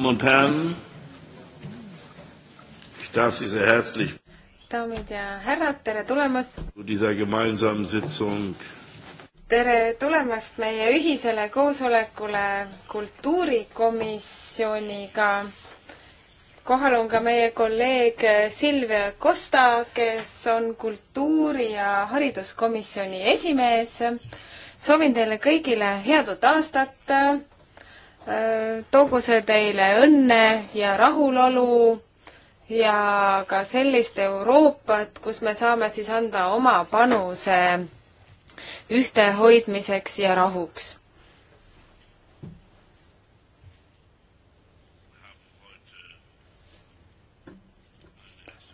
Damen und Herren, ich darf Sie sehr herzlich daamid ja härrad, tere tulemast! tere tulemast meie ühisele koosolekule kultuurikomisjoniga. kohal on ka meie kolleeg Silvia Kosta, kes on kultuuri- ja hariduskomisjoni esimees. soovin teile kõigile head uut aastat toogu see teile õnne ja rahulolu ja ka sellist Euroopat, kus me saame siis anda oma panuse ühtehoidmiseks ja rahuks.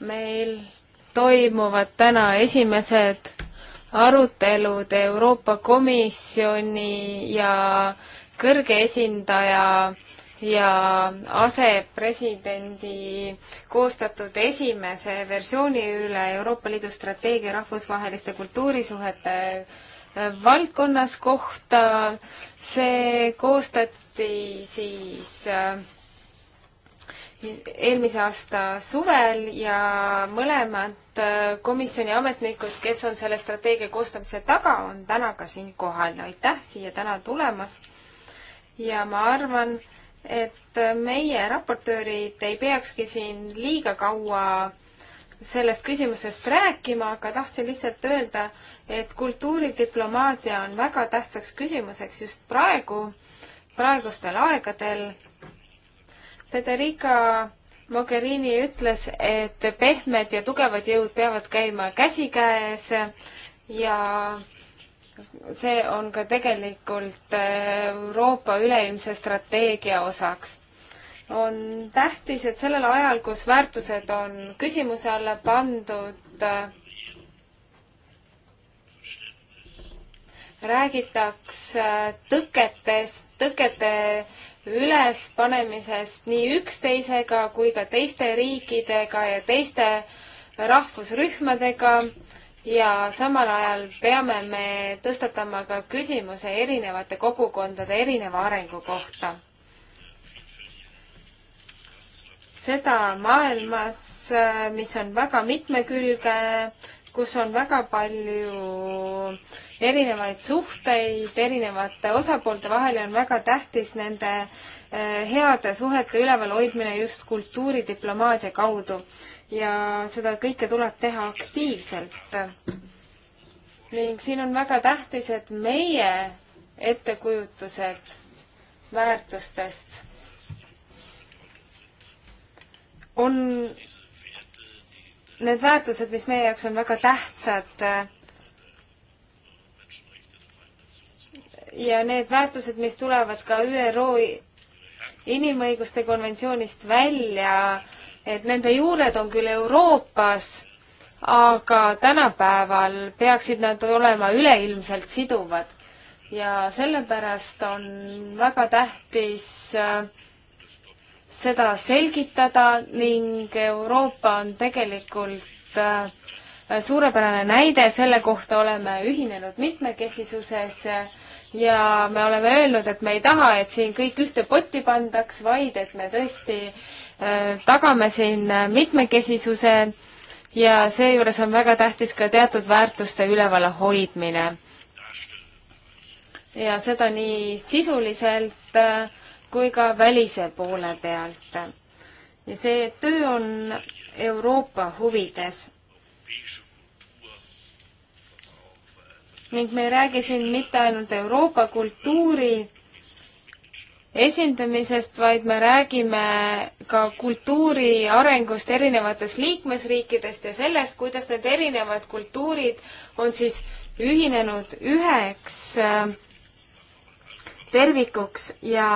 meil toimuvad täna esimesed arutelud Euroopa Komisjoni ja äh, kõrge esindaja ja asepresidendi koostatud esimese versiooni üle Euroopa Liidu strateegia rahvusvaheliste kultuurisuhete äh, valdkonnas kohta. see koostati siis äh, eelmise aasta suvel ja mõlemad äh, komisjoni ametnikud, kes on selle strateegia koostamise taga, on täna ka siin kohal. aitäh siia täna tulemast ja ma arvan, et meie raportöörid ei peakski siin liiga kaua sellest küsimusest rääkima, aga tahtsin lihtsalt öelda, et kultuuridiplomaatia on väga tähtsaks küsimuseks just praegu, praegustel aegadel. Federica Mogherini ütles, et pehmed ja tugevad jõud peavad käima käsikäes ja see on ka tegelikult äh, Euroopa üleilmse strateegia osaks. on tähtis, et sellel ajal, kus väärtused on küsimuse alla pandud, äh, räägitaks äh, tõketest, tõkete ülespanemisest nii üksteisega kui ka teiste riikidega ja teiste rahvusrühmadega ja samal ajal peame me tõstatama ka küsimuse erinevate kogukondade erineva arengu kohta. seda maailmas, mis on väga mitmekülge, kus on väga palju erinevaid suhteid erinevate osapoolte vahel ja on väga tähtis nende eh, heade suhete üleval hoidmine just kultuuridiplomaatia kaudu ja seda kõike tuleb teha aktiivselt. ning siin on väga tähtis, et meie ettekujutused väärtustest on need väärtused, mis meie jaoks on väga tähtsad ja need väärtused, mis tulevad ka ÜRO inimõiguste konventsioonist välja, et nende juured on küll Euroopas, aga tänapäeval peaksid nad olema üleilmselt siduvad. ja sellepärast on väga tähtis äh, seda selgitada ning Euroopa on tegelikult äh, suurepärane näide selle kohta, oleme ühinenud mitmekesisuses ja me oleme öelnud, et me ei taha, et siin kõik ühte potti pandaks, vaid et me tõesti Äh, tagame siin äh, mitmekesisuse ja seejuures on väga tähtis ka teatud väärtuste üleval hoidmine. ja seda nii sisuliselt äh, kui ka välise poole pealt. ja see töö on Euroopa huvides. ning me ei räägi siin mitte ainult Euroopa kultuuri esindamisest, vaid me räägime ka kultuuri arengust erinevates liikmesriikidest ja sellest, kuidas need erinevad kultuurid on siis ühinenud üheks äh, tervikuks ja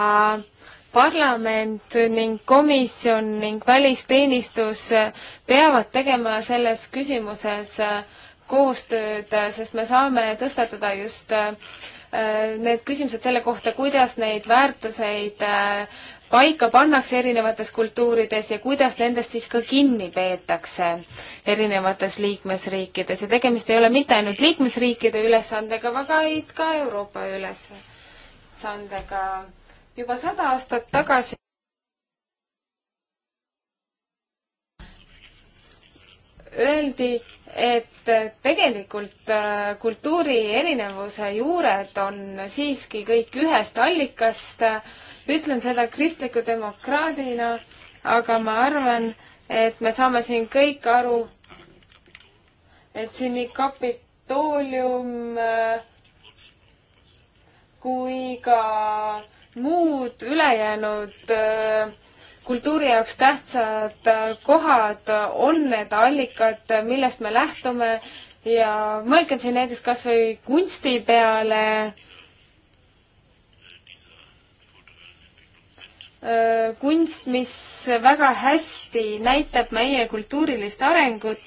parlament ning komisjon ning välisteenistus äh, peavad tegema selles küsimuses äh, koostööd, sest me saame tõstatada just Äh, need küsimused selle kohta, kuidas neid väärtuseid äh, paika pannakse erinevates kultuurides ja kuidas nendest siis ka kinni peetakse erinevates liikmesriikides ja tegemist ei ole mitte ainult liikmesriikide ülesandega, vaid ka Euroopa ülesandega. juba sada aastat tagasi öeldi, et tegelikult äh, kultuuri erinevuse juured on siiski kõik ühest allikast. ütlen seda kristliku demokraadina, aga ma arvan, et me saame siin kõik aru, et siin nii kapitoolium äh, kui ka muud ülejäänud äh, kultuuri jaoks tähtsad kohad on need allikad, millest me lähtume ja mõelgem siin näiteks kas või kunsti peale, äh, kunst, mis väga hästi näitab meie kultuurilist arengut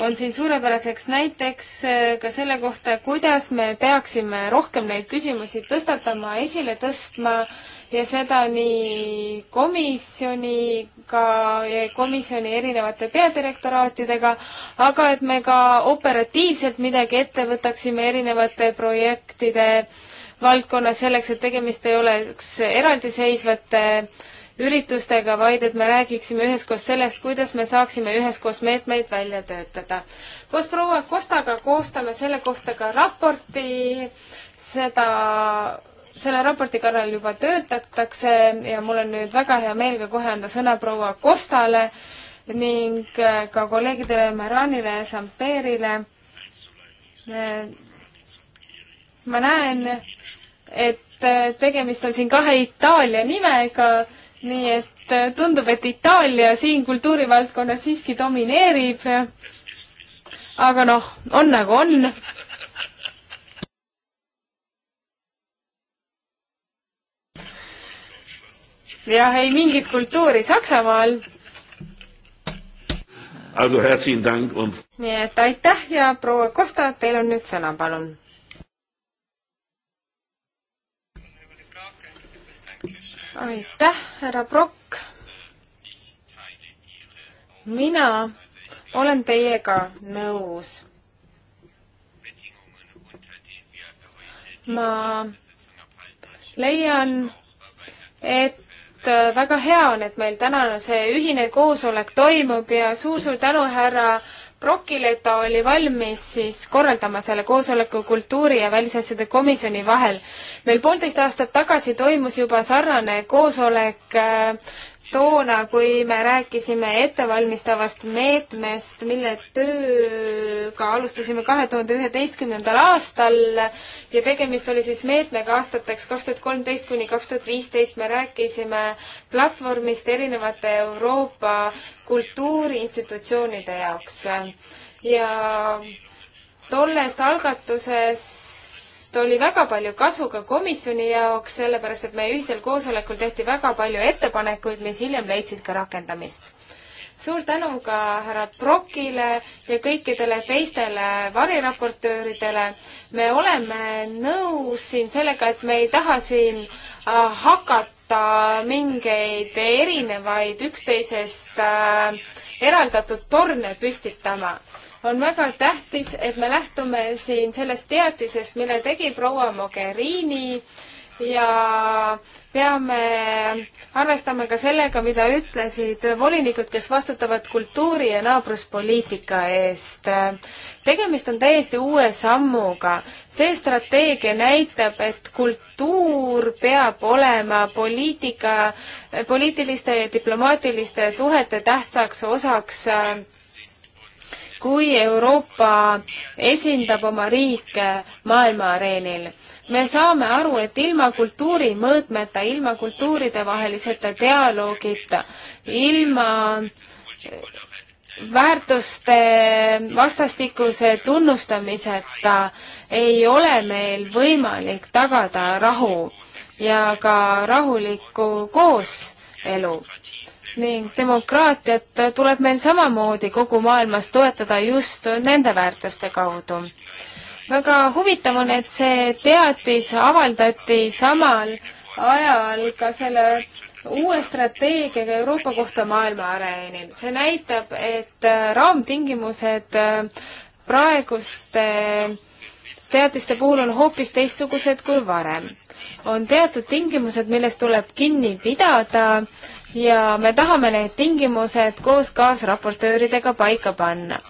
on siin suurepäraseks näiteks äh, ka selle kohta, kuidas me peaksime rohkem neid küsimusi tõstatama, esile tõstma ja seda nii komisjoniga, komisjoni erinevate peadirektoraatidega, aga et me ka operatiivselt midagi ette võtaksime erinevate projektide valdkonnas selleks, et tegemist ei oleks eraldiseisvate äh, üritustega, vaid et me räägiksime üheskoos sellest, kuidas me saaksime üheskoos meetmeid välja töötada. koos proua Kostaga koostame selle kohta ka raporti, seda selle raporti kallal juba töötatakse ja mul on nüüd väga hea meel ka kohe anda sõna proua Kostale ning äh, ka kolleegidele Maranile ja Samperile. Äh, ma näen, et äh, tegemist on siin kahe Itaalia nimega nii et äh, tundub, et Itaalia siin kultuurivaldkonnas siiski domineerib. aga noh, on nagu on. jah, ei mingit kultuuri Saksamaal. nii et aitäh ja proua Kosta, teil on nüüd sõna, palun aitäh, härra Prokk. mina olen teiega nõus. ma leian, et väga hea on, et meil tänane see ühine koosolek toimub ja suur-suur tänu, härra Brokile, et ta oli valmis siis korraldama selle koosoleku kultuuri ja välisasjade komisjoni vahel. meil poolteist aastat tagasi toimus juba sarnane koosolek äh, toona, kui me rääkisime ettevalmistavast meetmest, mille tööga alustasime kahe tuhande üheteistkümnendal aastal ja tegemist oli siis meetmega aastateks kaks tuhat kolmteist kuni kaks tuhat viisteist, me rääkisime platvormist erinevate Euroopa kultuuriinstitutsioonide jaoks ja tollest algatusest sellest oli väga palju kasu ka komisjoni jaoks, sellepärast et meie ühisel koosolekul tehti väga palju ettepanekuid, mis hiljem leidsid ka rakendamist. suur tänu ka härra Brokile ja kõikidele teistele variraportööridele. me oleme nõus siin sellega, et me ei taha siin äh, hakata mingeid erinevaid üksteisest äh, eraldatud torne püstitama on väga tähtis, et me lähtume siin sellest teatisest, mille tegi proua Mogherini ja peame arvestama ka sellega, mida ütlesid volinikud, kes vastutavad kultuuri ja naabruspoliitika eest. tegemist on täiesti uue sammuga. see strateegia näitab, et kultuur peab olema poliitika, poliitiliste ja diplomaatiliste suhete tähtsaks osaks äh, kui Euroopa esindab oma riike maailma areenil. me saame aru, et ilma kultuuri mõõtmeta, ilma kultuuridevaheliseta dialoogita, ilma väärtuste vastastikuse tunnustamiseta ei ole meil võimalik tagada rahu ja ka rahulikku kooselu ning demokraatiat tuleb meil samamoodi kogu maailmas toetada just nende väärtuste kaudu. väga huvitav on, et see teatis avaldati samal ajal ka selle uue strateegiaga Euroopa kohta maailma areenil. see näitab, et äh, raamtingimused äh, praeguste teatiste puhul on hoopis teistsugused kui varem. on teatud tingimused, millest tuleb kinni pidada ja me tahame need tingimused koos kaasraportööridega paika panna.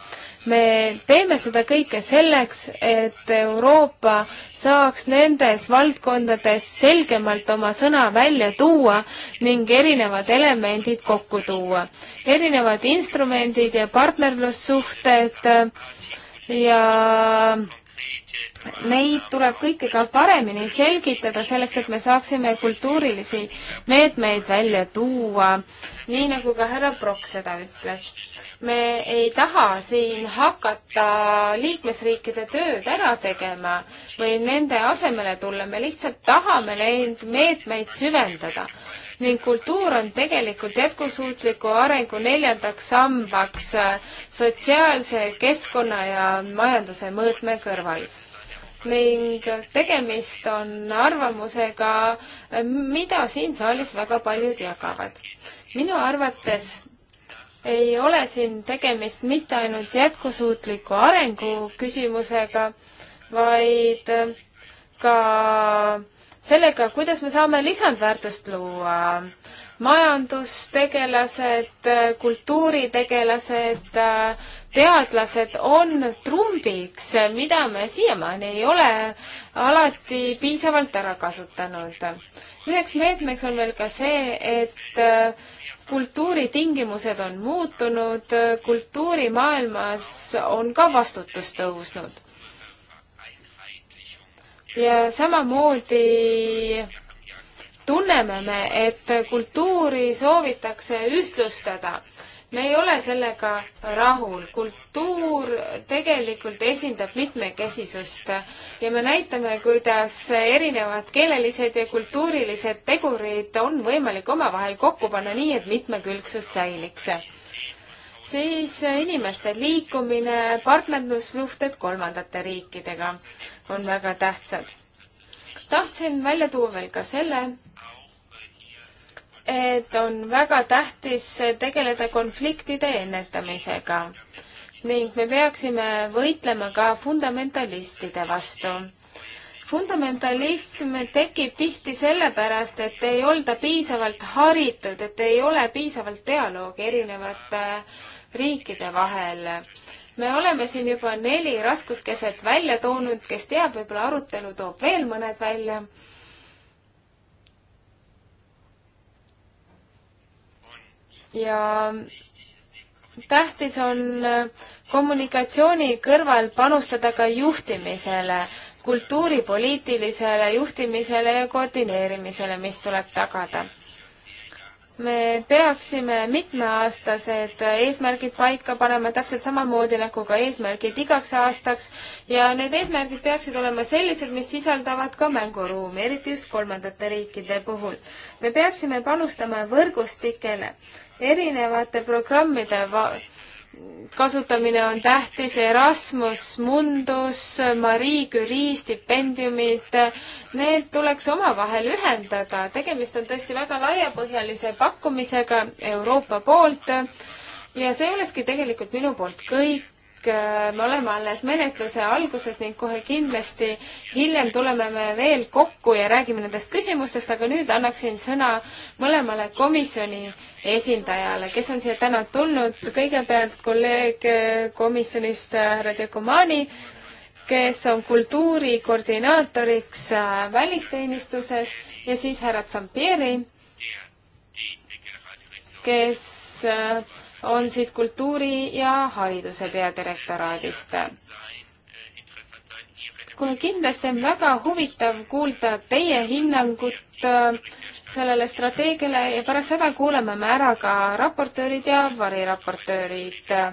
me teeme seda kõike selleks, et Euroopa saaks nendes valdkondades selgemalt oma sõna välja tuua ning erinevad elemendid kokku tuua. erinevad instrumendid ja partnerlussuhted ja Neid tuleb kõike ka paremini selgitada, selleks et me saaksime kultuurilisi meetmeid välja tuua, nii nagu ka härra Prokk seda ütles. me ei taha siin hakata liikmesriikide tööd ära tegema või nende asemele tulla, me lihtsalt tahame neid meetmeid süvendada ning kultuur on tegelikult jätkusuutliku arengu neljandaks sambaks sotsiaalse, keskkonna ja majanduse mõõtme kõrval ning tegemist on arvamusega, mida siin saalis väga paljud jagavad. minu arvates ei ole siin tegemist mitte ainult jätkusuutliku arengu küsimusega, vaid ka sellega, kuidas me saame lisandväärtust luua majandustegelased, kultuuritegelased, teadlased on trumbiks, mida me siiamaani ei ole alati piisavalt ära kasutanud. üheks meetmeks on veel ka see, et äh, kultuuritingimused on muutunud, kultuurimaailmas on ka vastutus tõusnud. ja samamoodi tunneme me, et kultuuri soovitakse ühtlustada. me ei ole sellega rahul. kultuur tegelikult esindab mitmekesisust ja me näitame, kuidas erinevad keelelised ja kultuurilised tegurid on võimalik omavahel kokku panna nii, et mitmekülgsus säiliks siis inimeste liikumine, partnerlussuhted kolmandate riikidega on väga tähtsad. tahtsin välja tuua veel ka selle, et on väga tähtis tegeleda konfliktide ennetamisega ning me peaksime võitlema ka fundamentalistide vastu. fundamentalism tekib tihti sellepärast, et ei olda piisavalt haritud, et ei ole piisavalt dialoogi erinevate riikide vahel me oleme siin juba neli raskuskeset välja toonud, kes teab, võib-olla arutelu toob veel mõned välja ja tähtis on äh, kommunikatsiooni kõrval panustada ka juhtimisele, kultuuripoliitilisele juhtimisele ja koordineerimisele, mis tuleb tagada. me peaksime mitmeaastased eesmärgid paika panema täpselt samamoodi nagu ka eesmärgid igaks aastaks ja need eesmärgid peaksid olema sellised, mis sisaldavad ka mänguruumi, eriti just kolmandate riikide puhul. me peaksime panustama võrgustikele erinevate programmide kasutamine on tähtis, Erasmus, Mundus, Marie Curie stipendiumid, need tuleks omavahel ühendada, tegemist on tõesti väga laiapõhjalise pakkumisega Euroopa poolt ja see olekski tegelikult minu poolt kõik Äh, me oleme alles menetluse alguses ning kohe kindlasti hiljem tuleme me veel kokku ja räägime nendest küsimustest, aga nüüd annaksin sõna mõlemale komisjoni esindajale, kes on siia täna tulnud. kõigepealt kolleeg äh, komisjonist äh, härra Dekumani, kes on kultuurikoordinaatoriks välisteenistuses ja siis härra Zampieri, kes on siit kultuuri- ja hariduse peadirektoraadist. kohe kindlasti on väga huvitav kuulda teie hinnangut äh, sellele strateegiale ja pärast seda kuuleme me ära ka raportöörid ja variraportöörid, äh,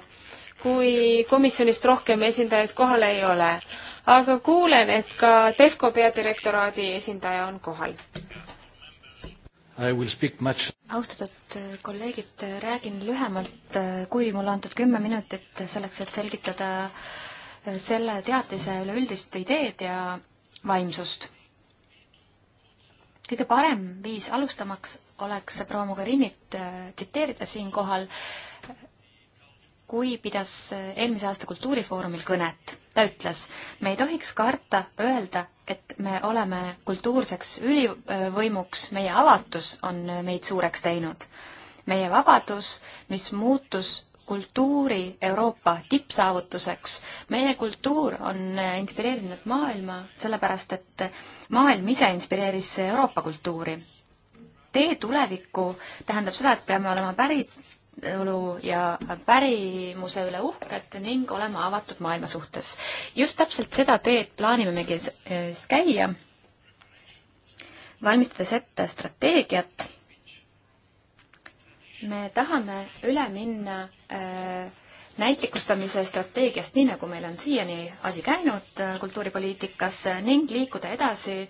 kui komisjonist rohkem esindajaid kohal ei ole. aga kuulen, et ka Defco peadirektoraadi esindaja on kohal Much... austatud äh, kolleegid, räägin lühemalt, äh, kui mulle antud kümme minutit selleks, et selgitada äh, selle teatise üleüldist ideed ja vaimsust. kõige parem viis alustamaks oleks proua Mogherinit tsiteerida siinkohal, kui pidas eelmise aasta Kultuurifoorumil kõnet. ta ütles, me ei tohiks karta öelda, et me oleme kultuurseks ülivõimuks, meie avatus on meid suureks teinud. meie vabadus, mis muutus kultuuri Euroopa tippsaavutuseks. meie kultuur on inspireerinud maailma, sellepärast et maailm ise inspireeris Euroopa kultuuri. tee tulevikku tähendab seda, et peame olema pärit päritolu ja pärimuse üle uhked ning olema avatud maailma suhtes. just täpselt seda teed plaanimegi siis käia, valmistades ette strateegiat. me tahame üle minna äh, näitlikustamise strateegiast, nii nagu meil on siiani asi käinud äh, kultuuripoliitikas ning liikuda edasi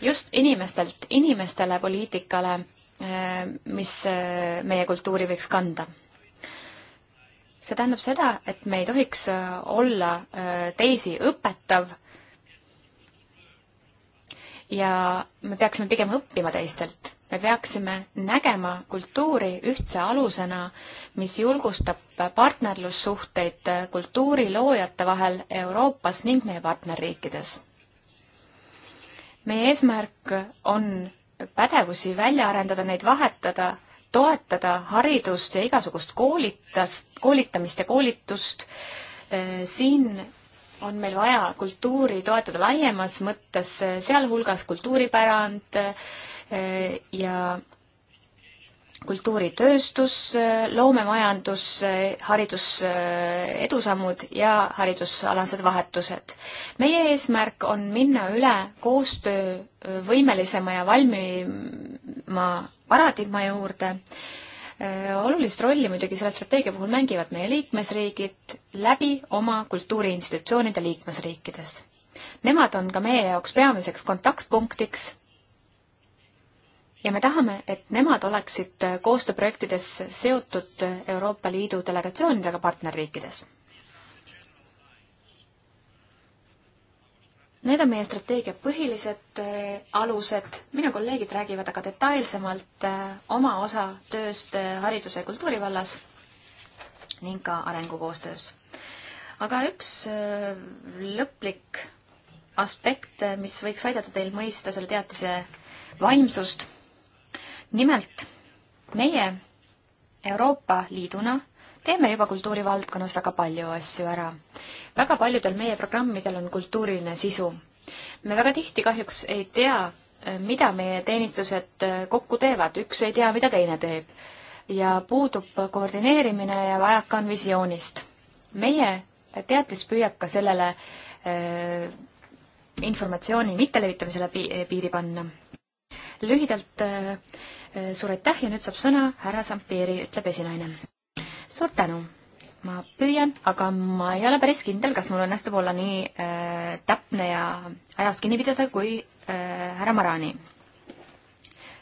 just inimestelt inimestele poliitikale Äh, mis äh, meie kultuuri võiks kanda. see tähendab seda, et me ei tohiks äh, olla teisi õpetav ja me peaksime pigem õppima teistelt. me peaksime nägema kultuuri ühtse alusena, mis julgustab partnerlussuhteid kultuuriloojate vahel Euroopas ning meie partnerriikides meie eesmärk on pädevusi välja arendada, neid vahetada, toetada haridust ja igasugust koolitast, koolitamist ja koolitust. Äh, siin on meil vaja kultuuri toetada laiemas mõttes, sealhulgas kultuuripärand äh, ja kultuuritööstus, loomemajandus, haridus edusammud ja haridusalased vahetused. meie eesmärk on minna üle koostöövõimelisema ja valmima paradigma juurde. olulist rolli muidugi selle strateegia puhul mängivad meie liikmesriigid läbi oma kultuuriinstitutsioonide liikmesriikides. Nemad on ka meie jaoks peamiseks kontaktpunktiks ja me tahame, et nemad oleksid koostööprojektides seotud Euroopa Liidu delegatsioonidega partnerriikides. Need on meie strateegia põhilised eh, alused, minu kolleegid räägivad aga detailsemalt eh, oma osa tööst eh, hariduse ja kultuuri vallas ning ka arengukoostöös. aga üks lõplik aspekt, mis võiks aidata teil mõista selle teatise vaimsust nimelt meie Euroopa Liiduna teeme juba kultuurivaldkonnas väga palju asju ära. väga paljudel meie programmidel on kultuuriline sisu. me väga tihti kahjuks ei tea, mida meie teenistused kokku teevad, üks ei tea, mida teine teeb. ja puudub koordineerimine ja vajaka on visioonist. meie teatis püüab ka sellele äh, informatsiooni mittelevitamisele eh, piiri panna. lühidalt äh, Äh, suur aitäh ja nüüd saab sõna härra Sampieri, ütleb esinaine. suur tänu! ma püüan, aga ma ei ole päris kindel, kas mul õnnestub olla nii äh, täpne ja ajast kinni pidada kui äh, härra Marani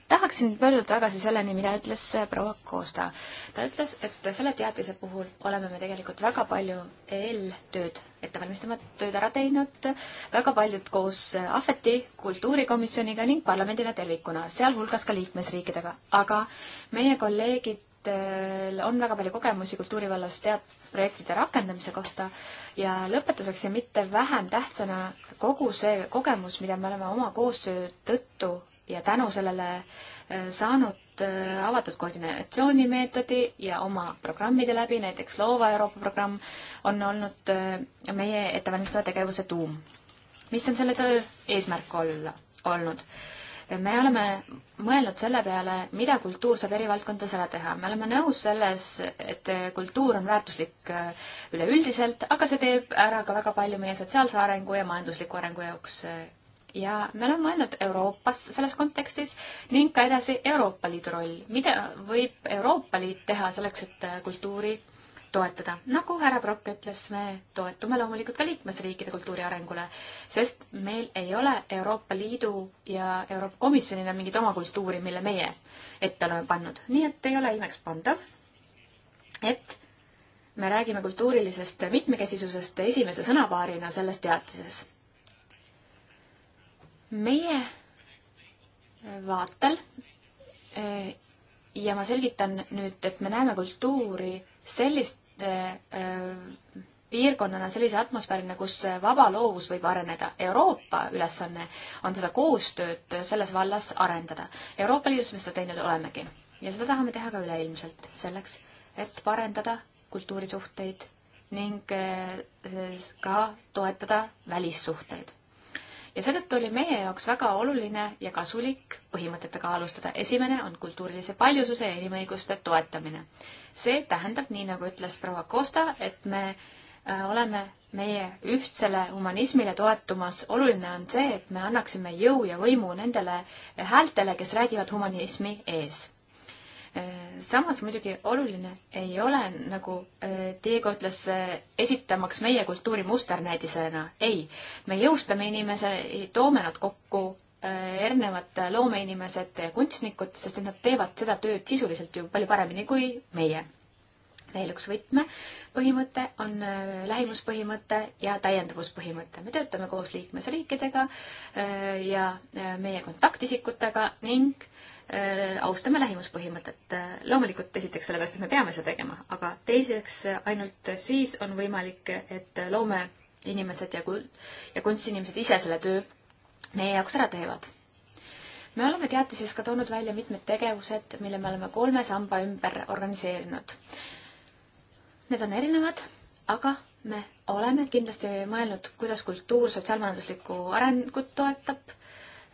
tahaksin pöörduda tagasi selleni, mida ütles äh, proua Koosta. ta ütles, et selle teatise puhul oleme me tegelikult väga palju eeltööd, ettevalmistavat tööd ära teinud, väga paljud koos äh, Ahveti, kultuurikomisjoniga ning parlamendina tervikuna, sealhulgas ka liikmesriikidega, aga meie kolleegid äh, on väga palju kogemusi kultuurivallas teat-, projektide rakendamise kohta ja lõpetuseks ja mitte vähem tähtsana kogu see kogemus, mida me oleme oma koostöö tõttu ja tänu sellele äh, saanud äh, avatud koordinatsioonimeetodi ja oma programmide läbi, näiteks Loova Euroopa programm, on olnud äh, meie ettevalmistava tegevuse tuum. mis on selle töö eesmärk olla, olnud? me oleme mõelnud selle peale, mida kultuur saab eri valdkondades ära teha. me oleme nõus selles, et kultuur on väärtuslik üleüldiselt, aga see teeb ära ka väga palju meie sotsiaalse arengu ja majandusliku arengu jaoks ja me oleme ainult Euroopas selles kontekstis ning ka edasi Euroopa Liidu roll. mida võib Euroopa Liit teha selleks, et äh, kultuuri toetada. nagu härra Brock ütles, me toetume loomulikult ka liikmesriikide kultuuri arengule, sest meil ei ole Euroopa Liidu ja Euroopa Komisjonina mingit oma kultuuri, mille meie ette oleme pannud. nii et ei ole imekspandav, et me räägime kultuurilisest mitmekesisusest esimese sõnapaarina selles teatises meie vaatel eh, ja ma selgitan nüüd, et me näeme kultuuri selliste eh, piirkonnana sellise atmosfäärina, kus vaba loovus võib areneda. Euroopa ülesanne on seda koostööd selles vallas arendada. Euroopa Liidus me seda teinud olemegi ja seda tahame teha ka üleilmselt, selleks et parendada kultuurisuhteid ning eh, ka toetada välissuhteid ja seetõttu oli meie jaoks väga oluline ja kasulik põhimõtetega alustada. esimene on kultuurilise paljususe ja inimõiguste toetamine. see tähendab, nii nagu ütles proua Costa, et me äh, oleme meie ühtsele humanismile toetumas, oluline on see, et me annaksime jõu ja võimu nendele häältele, kes räägivad humanismi ees samas muidugi oluline ei ole, nagu äh, Diego ütles, äh, esitamaks meie kultuuri musternäidisena. ei, me jõustame inimese, toome nad kokku, äh, erinevad loomeinimesed, kunstnikud, sest et nad teevad seda tööd sisuliselt ju palju paremini kui meie. veel üks võtmepõhimõte on lähimuspõhimõte ja täiendavuspõhimõte. me töötame koos liikmesriikidega ja meie kontaktisikutega ning äh, Äh, austame lähimuspõhimõtet. Äh, loomulikult esiteks sellepärast, et me peame seda tegema, aga teiseks äh, ainult siis on võimalik, et loomeinimesed ja kul- ja kunstiinimesed ise selle töö meie jaoks ära teevad. me oleme teatises ka toonud välja mitmed tegevused, mille me oleme kolme samba ümber organiseerinud. Need on erinevad, aga me oleme kindlasti mõelnud, kuidas kultuur sotsiaalmajanduslikku arengut toetab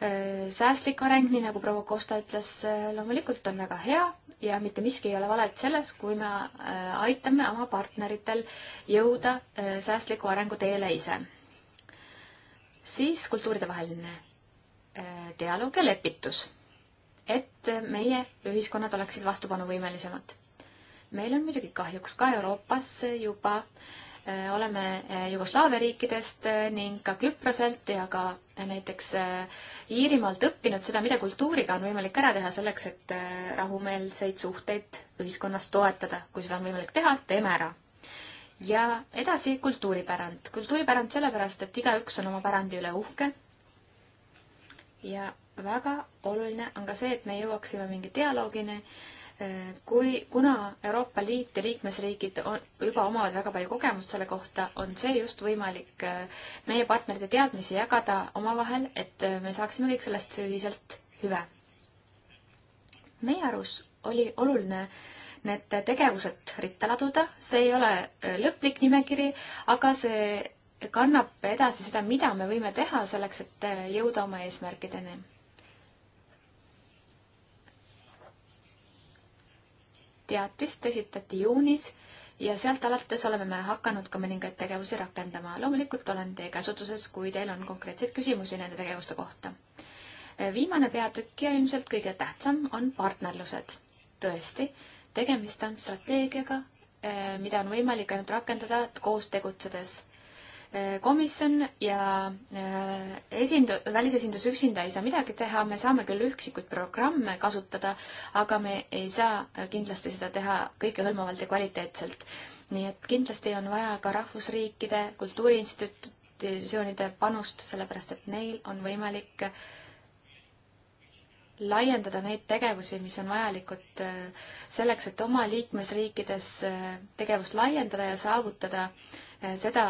Äh, säästlik areng, nii nagu proua Kosta ütles, äh, loomulikult on väga hea ja mitte miski ei ole valet selles, kui me äh, aitame oma partneritel jõuda säästliku arengu teele ise. siis kultuuridevaheline dialoog ja lepitus, et meie ühiskonnad oleksid vastupanuvõimelisemad. meil on muidugi kahjuks ka Euroopas juba äh, Äh, oleme äh, Jugoslaavia riikidest äh, ning ka Küproselt ja ka näiteks Iirimaalt õppinud seda, mida kultuuriga on võimalik ära teha selleks, et rahumeelseid suhteid ühiskonnas toetada. kui seda on võimalik teha, teeme ära. ja edasi kultuuripärand. kultuuripärand sellepärast, et igaüks on oma pärandi üle uhke ja väga oluline on ka see, et me jõuaksime mingi dialoogini äh, kui, kuna Euroopa Liit ja liikmesriigid on, juba omavad väga palju kogemust selle kohta, on see just võimalik äh, meie partnerite teadmisi jagada omavahel, et äh, me saaksime kõik sellest ühiselt hüve. meie arus oli oluline need tegevused ritta laduda, see ei ole äh, lõplik nimekiri, aga see kannab edasi seda, mida me võime teha selleks, et jõuda oma eesmärkideni teatist esitati juunis ja sealt alates oleme me hakanud ka mõningaid tegevusi rakendama. loomulikult olen teie käsutuses, kui teil on konkreetseid küsimusi nende tegevuste kohta. Äh, viimane peatükk ja ilmselt kõige tähtsam on partnerlused. tõesti, tegemist on strateegiaga, äh, mida on võimalik ainult rakendada koos tegutsedes komisjon ja äh, esindu-, välisesindus üksinda ei saa midagi teha, me saame küll üksikuid programme kasutada, aga me ei saa kindlasti seda teha kõikehõlmavalt ja kvaliteetselt. nii et kindlasti on vaja ka rahvusriikide kultuuriinstitutsioonide panust, sellepärast et neil on võimalik laiendada neid tegevusi, mis on vajalikud äh, selleks, et oma liikmesriikides äh, tegevust laiendada ja saavutada seda,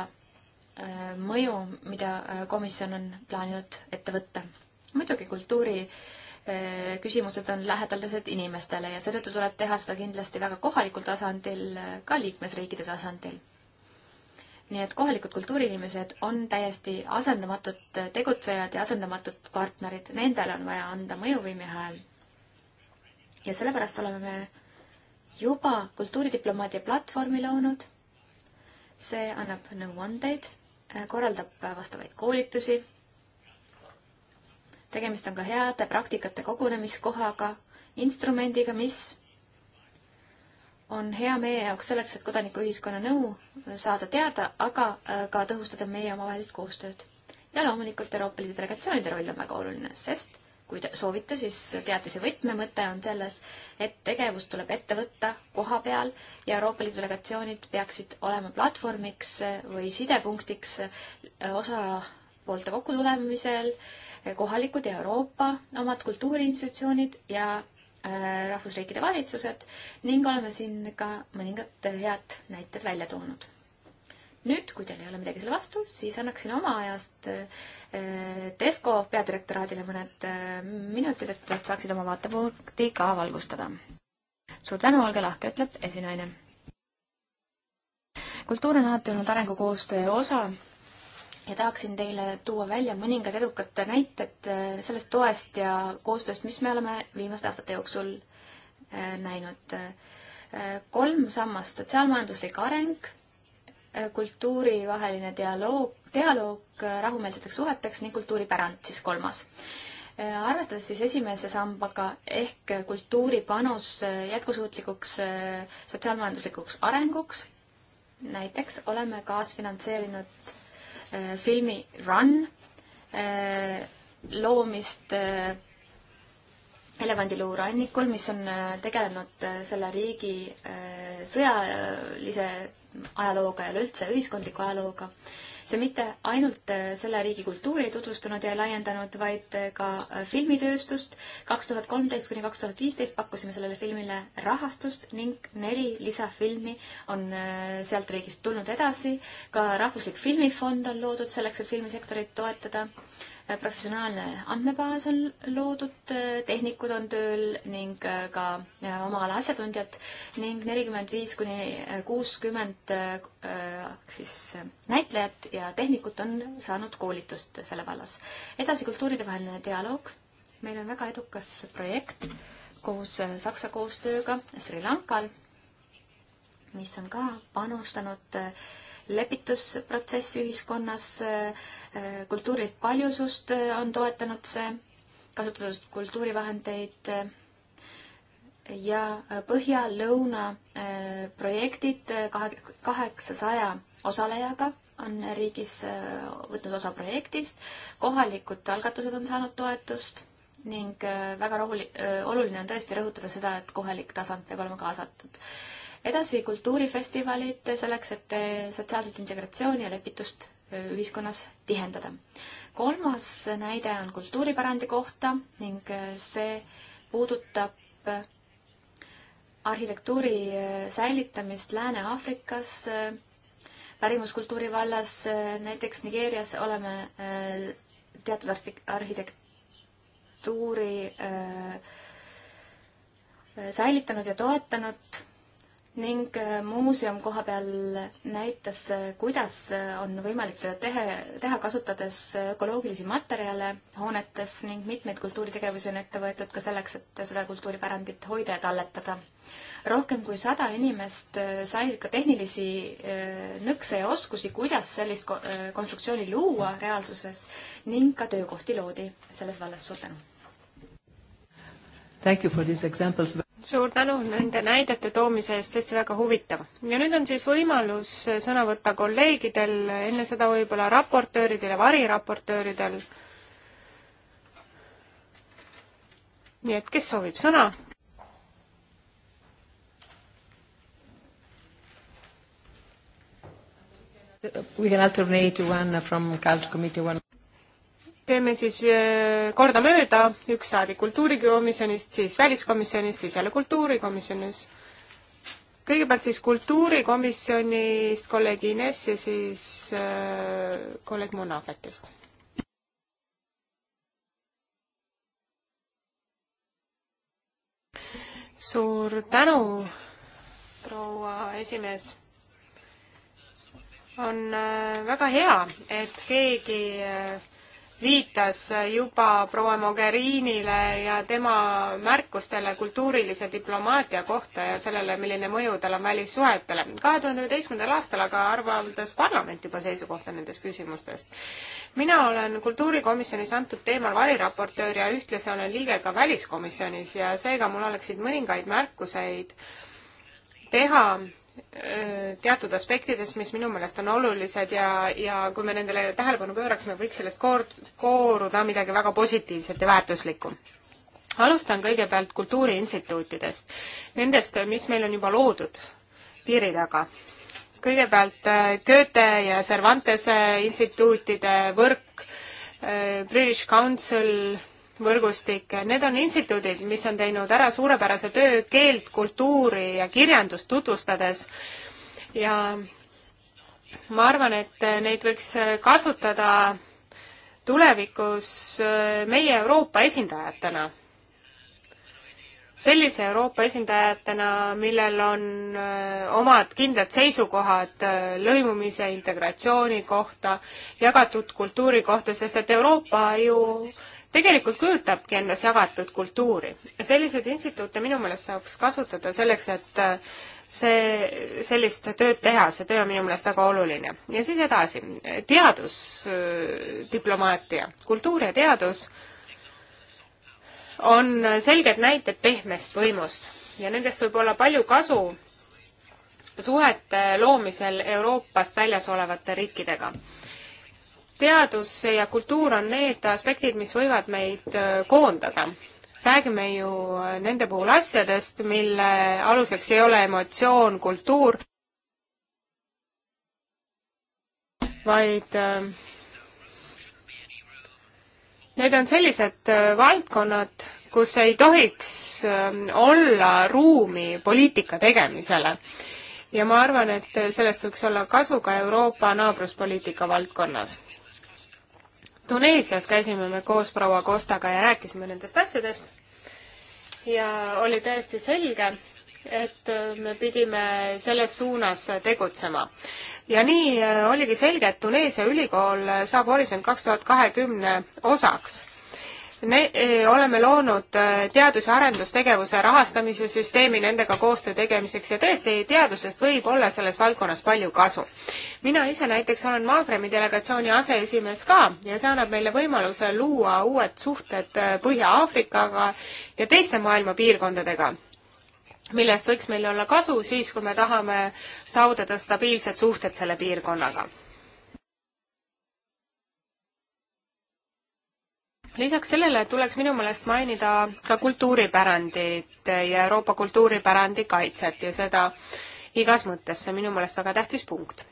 Äh, mõju, mida äh, komisjon on plaaninud ette võtta. muidugi kultuuri äh, küsimused on lähedaldased inimestele ja seetõttu tuleb teha seda kindlasti väga kohalikul tasandil, ka liikmesriikide tasandil. nii et kohalikud kultuuriinimesed on täiesti asendamatud tegutsejad ja asendamatud partnerid, nendele on vaja anda mõjuvõime hääl. ja sellepärast oleme me juba kultuuridiplomaatia platvormi loonud. see annab nõuandeid Äh, korraldab äh, vastavaid koolitusi. tegemist on ka heade praktikate kogunemiskohaga, instrumendiga, mis on hea meie jaoks selleks, et kodanikuühiskonna nõu saada teada, aga äh, ka tõhustada meie omavahelist koostööd. ja loomulikult Euroopa Liidu delegatsioonide roll on väga oluline, sest kui te soovite, siis teatise võtmemõte on selles, et tegevus tuleb ette võtta koha peal ja Euroopa Liidu delegatsioonid peaksid olema platvormiks või sidepunktiks osapoolte kokkutulemisel, kohalikud ja Euroopa omad kultuuriinstitutsioonid ja äh, rahvusriikide valitsused ning oleme siin ka mõningad head näited välja toonud nüüd, kui teil ei ole midagi selle vastu, siis annaksin oma ajast äh, Defco peadirektoraadile mõned äh, minutid, et nad saaksid oma vaatepunkti ka valgustada. suur tänu, olge lahke, ütleb esinaine. kultuur on alati olnud arengukoostöö osa ja tahaksin teile tuua välja mõningad edukad näited äh, sellest toest ja koostööst, mis me oleme viimaste aastate jooksul näinud. kolm sammast, sotsiaalmajanduslik areng Äh, kultuurivaheline dialoog, dialoog äh, rahumeelseteks suheteks ning kultuuripärand siis kolmas. Äh, arvestades siis esimese sambaga ehk kultuuri panus jätkusuutlikuks sotsiaalmajanduslikuks arenguks, näiteks oleme kaasfinantseerinud filmi Run loomist elevandiluu rannikul, mis on tegelenud selle riigi sõjalise ajalooga ja üleüldse ühiskondliku ajalooga. see mitte ainult äh, selle riigi kultuuri ei tutvustanud ja ei laiendanud, vaid äh, ka äh, filmitööstust. kaks tuhat kolmteist kuni kaks tuhat viisteist pakkusime sellele filmile rahastust ning neli lisafilmi on sealt riigist tulnud edasi. ka Rahvuslik Filmifond on loodud selleks, et filmisektorit toetada Äh, professionaalne andmebaas on loodud, äh, tehnikud on tööl ning äh, ka oma ala asjatundjad ning nelikümmend viis kuni kuuskümmend siis näitlejat ja tehnikut on saanud koolitust selle vallas. edasi kultuuridevaheline dialoog. meil on väga edukas projekt koos Saksa koostööga Sri Lankal, mis on ka panustanud äh, lepitusprotsess ühiskonnas, äh, kultuurilist paljusust äh, on toetanud see, kasutades kultuurivahendeid äh, ja põhja-lõuna projektid kaheksasaja osalejaga on riigis võtnud osa projektist, kohalikud algatused on saanud toetust ning väga rohuli-, oluline on tõesti rõhutada seda, et kohalik tasand peab olema kaasatud edasi kultuurifestivalid selleks, et eh, sotsiaalset integratsiooni ja lepitust eh, ühiskonnas tihendada. kolmas näide on kultuuripärandi kohta ning eh, see puudutab arhitektuuri säilitamist Lääne-Aafrikas, pärimuskultuuri vallas, näiteks Nigeerias oleme teatud arhitektuuri säilitanud ja toetanud ning äh, muuseum koha peal näitas, äh, kuidas äh, on võimalik seda teha, teha kasutades ökoloogilisi materjale hoonetes ning mitmeid kultuuritegevusi on ette võetud ka selleks, et seda kultuuripärandit hoida ja talletada. rohkem kui sada inimest said ka tehnilisi nõkse ja oskusi, kuidas sellist konstruktsiooni luua reaalsuses ning ka töökohti loodi selles vallas. suur tänu! Thank you for these examples suur tänu nende näidete toomise eest, tõesti väga huvitav. ja nüüd on siis võimalus sõna võtta kolleegidel, enne seda võib-olla raportööridel ja variraportööridel. nii et kes soovib sõna? We can alternate one from Culture Committee one teeme siis kordamööda, üks saadik kultuurikomisjonist, siis väliskomisjonist, siis jälle kultuurikomisjonis. kõigepealt siis kultuurikomisjonist kolleeg Ines ja siis kolleeg Munafetist suur tänu, proua esimees. on väga hea, et keegi viitas juba proua Mogherinile ja tema märkustele kultuurilise diplomaatia kohta ja sellele, milline mõju tal on välissuhetele. kahe tuhande üheteistkümnendal aastal aga arvaldas parlament juba seisukohta nendest küsimustest. mina olen kultuurikomisjonis antud teemal variraportöör ja ühtlasi olen liige ka väliskomisjonis ja seega mul oleksid mõningaid märkuseid teha Äh, teatud aspektidest, mis minu meelest on olulised ja, ja kui me nendele tähelepanu pööraksime, võiks sellest koor-, kooruda midagi väga positiivset ja väärtuslikku. alustan kõigepealt kultuuriinstituutidest, nendest, mis meil on juba loodud piiri taga. kõigepealt äh, Goethe ja Cervantese instituutide võrk, äh, British Council võrgustik, need on instituudid, mis on teinud ära suurepärase töö keelt, kultuuri ja kirjandust tutvustades ja ma arvan, et neid võiks kasutada tulevikus meie Euroopa esindajatena. sellise Euroopa esindajatena, millel on äh, omad kindlad seisukohad äh, lõimumise, integratsiooni kohta, jagatud kultuuri kohta, sest et Euroopa ju tegelikult kujutabki endas jagatud kultuuri. selliseid instituute minu meelest saaks kasutada selleks, et äh, see, sellist tööd teha, see töö on minu meelest väga oluline. ja siis edasi, teadusdiplomaatia, äh, kultuur ja teadus on selged näited pehmest võimust ja nendest võib olla palju kasu suhete loomisel Euroopast väljas olevate riikidega teadus ja kultuur on need aspektid, mis võivad meid äh, koondada. räägime ju äh, nende puhul asjadest, mille aluseks ei ole emotsioon, kultuur, vaid äh, need on sellised valdkonnad, kus ei tohiks olla ruumi poliitika tegemisele ja ma arvan, et sellest võiks olla kasu ka Euroopa naabruspoliitika valdkonnas. Tuneesias käisime me koos proua Kostaga ja rääkisime nendest asjadest ja oli täiesti selge, et me pidime selles suunas tegutsema. ja nii äh, oligi selge, et Tuneesia ülikool saab Horisont kaks tuhat kahekümne osaks me eh, oleme loonud eh, teadus- ja arendustegevuse rahastamise süsteemi nendega koostöö tegemiseks ja tõesti, teadusest võib olla selles valdkonnas palju kasu. mina ise näiteks olen Maagremi delegatsiooni aseesimees ka ja see annab meile võimaluse luua uued suhted eh, Põhja-Aafrikaga ja teiste maailma piirkondadega millest võiks meil olla kasu siis, kui me tahame saavutada stabiilsed suhted selle piirkonnaga lisaks sellele tuleks minu meelest mainida ka kultuuripärandit ja Euroopa kultuuripärandi kaitset ja seda igas mõttes, see on minu meelest väga tähtis punkt.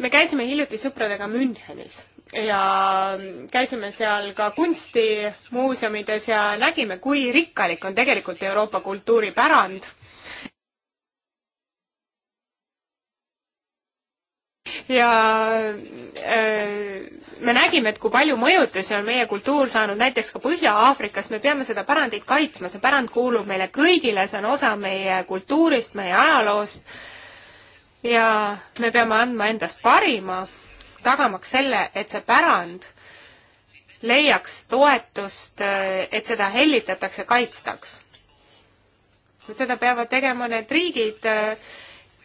me käisime hiljuti sõpradega Münchenis ja käisime seal ka kunstimuuseumides ja nägime, kui rikkalik on tegelikult Euroopa kultuuripärand ja äh, me nägime, et kui palju mõjutusi on meie kultuur saanud näiteks ka Põhja-Aafrikas, me peame seda pärandit kaitsma, see pärand kuulub meile kõigile, see on osa meie kultuurist, meie ajaloost ja me peame andma endast parima, tagamaks selle, et see pärand leiaks toetust, et seda hellitatakse, kaitstaks. seda peavad tegema need riigid,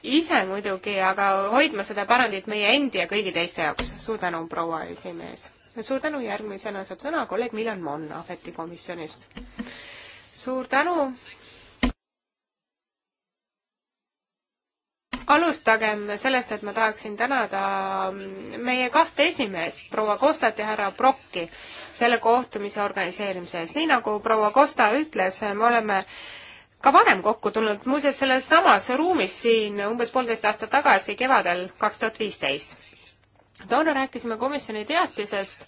ise muidugi, aga hoidma seda pärandit meie endi ja kõigi teiste jaoks. suur tänu, proua esimees. suur tänu, järgmisena saab sõna kolleeg Milan Mann Ahveti komisjonist. suur tänu. alustagem sellest, et ma tahaksin tänada meie kahte esimeest, proua Kostat ja härra Brokki, selle kohtumise organiseerimise eest. nii nagu proua Kosta ütles, me oleme äh, ka varem kokku tulnud, muuseas selles samas ruumis siin umbes poolteist aastat tagasi, kevadel kaks tuhat viisteist. toona rääkisime komisjoni teatisest,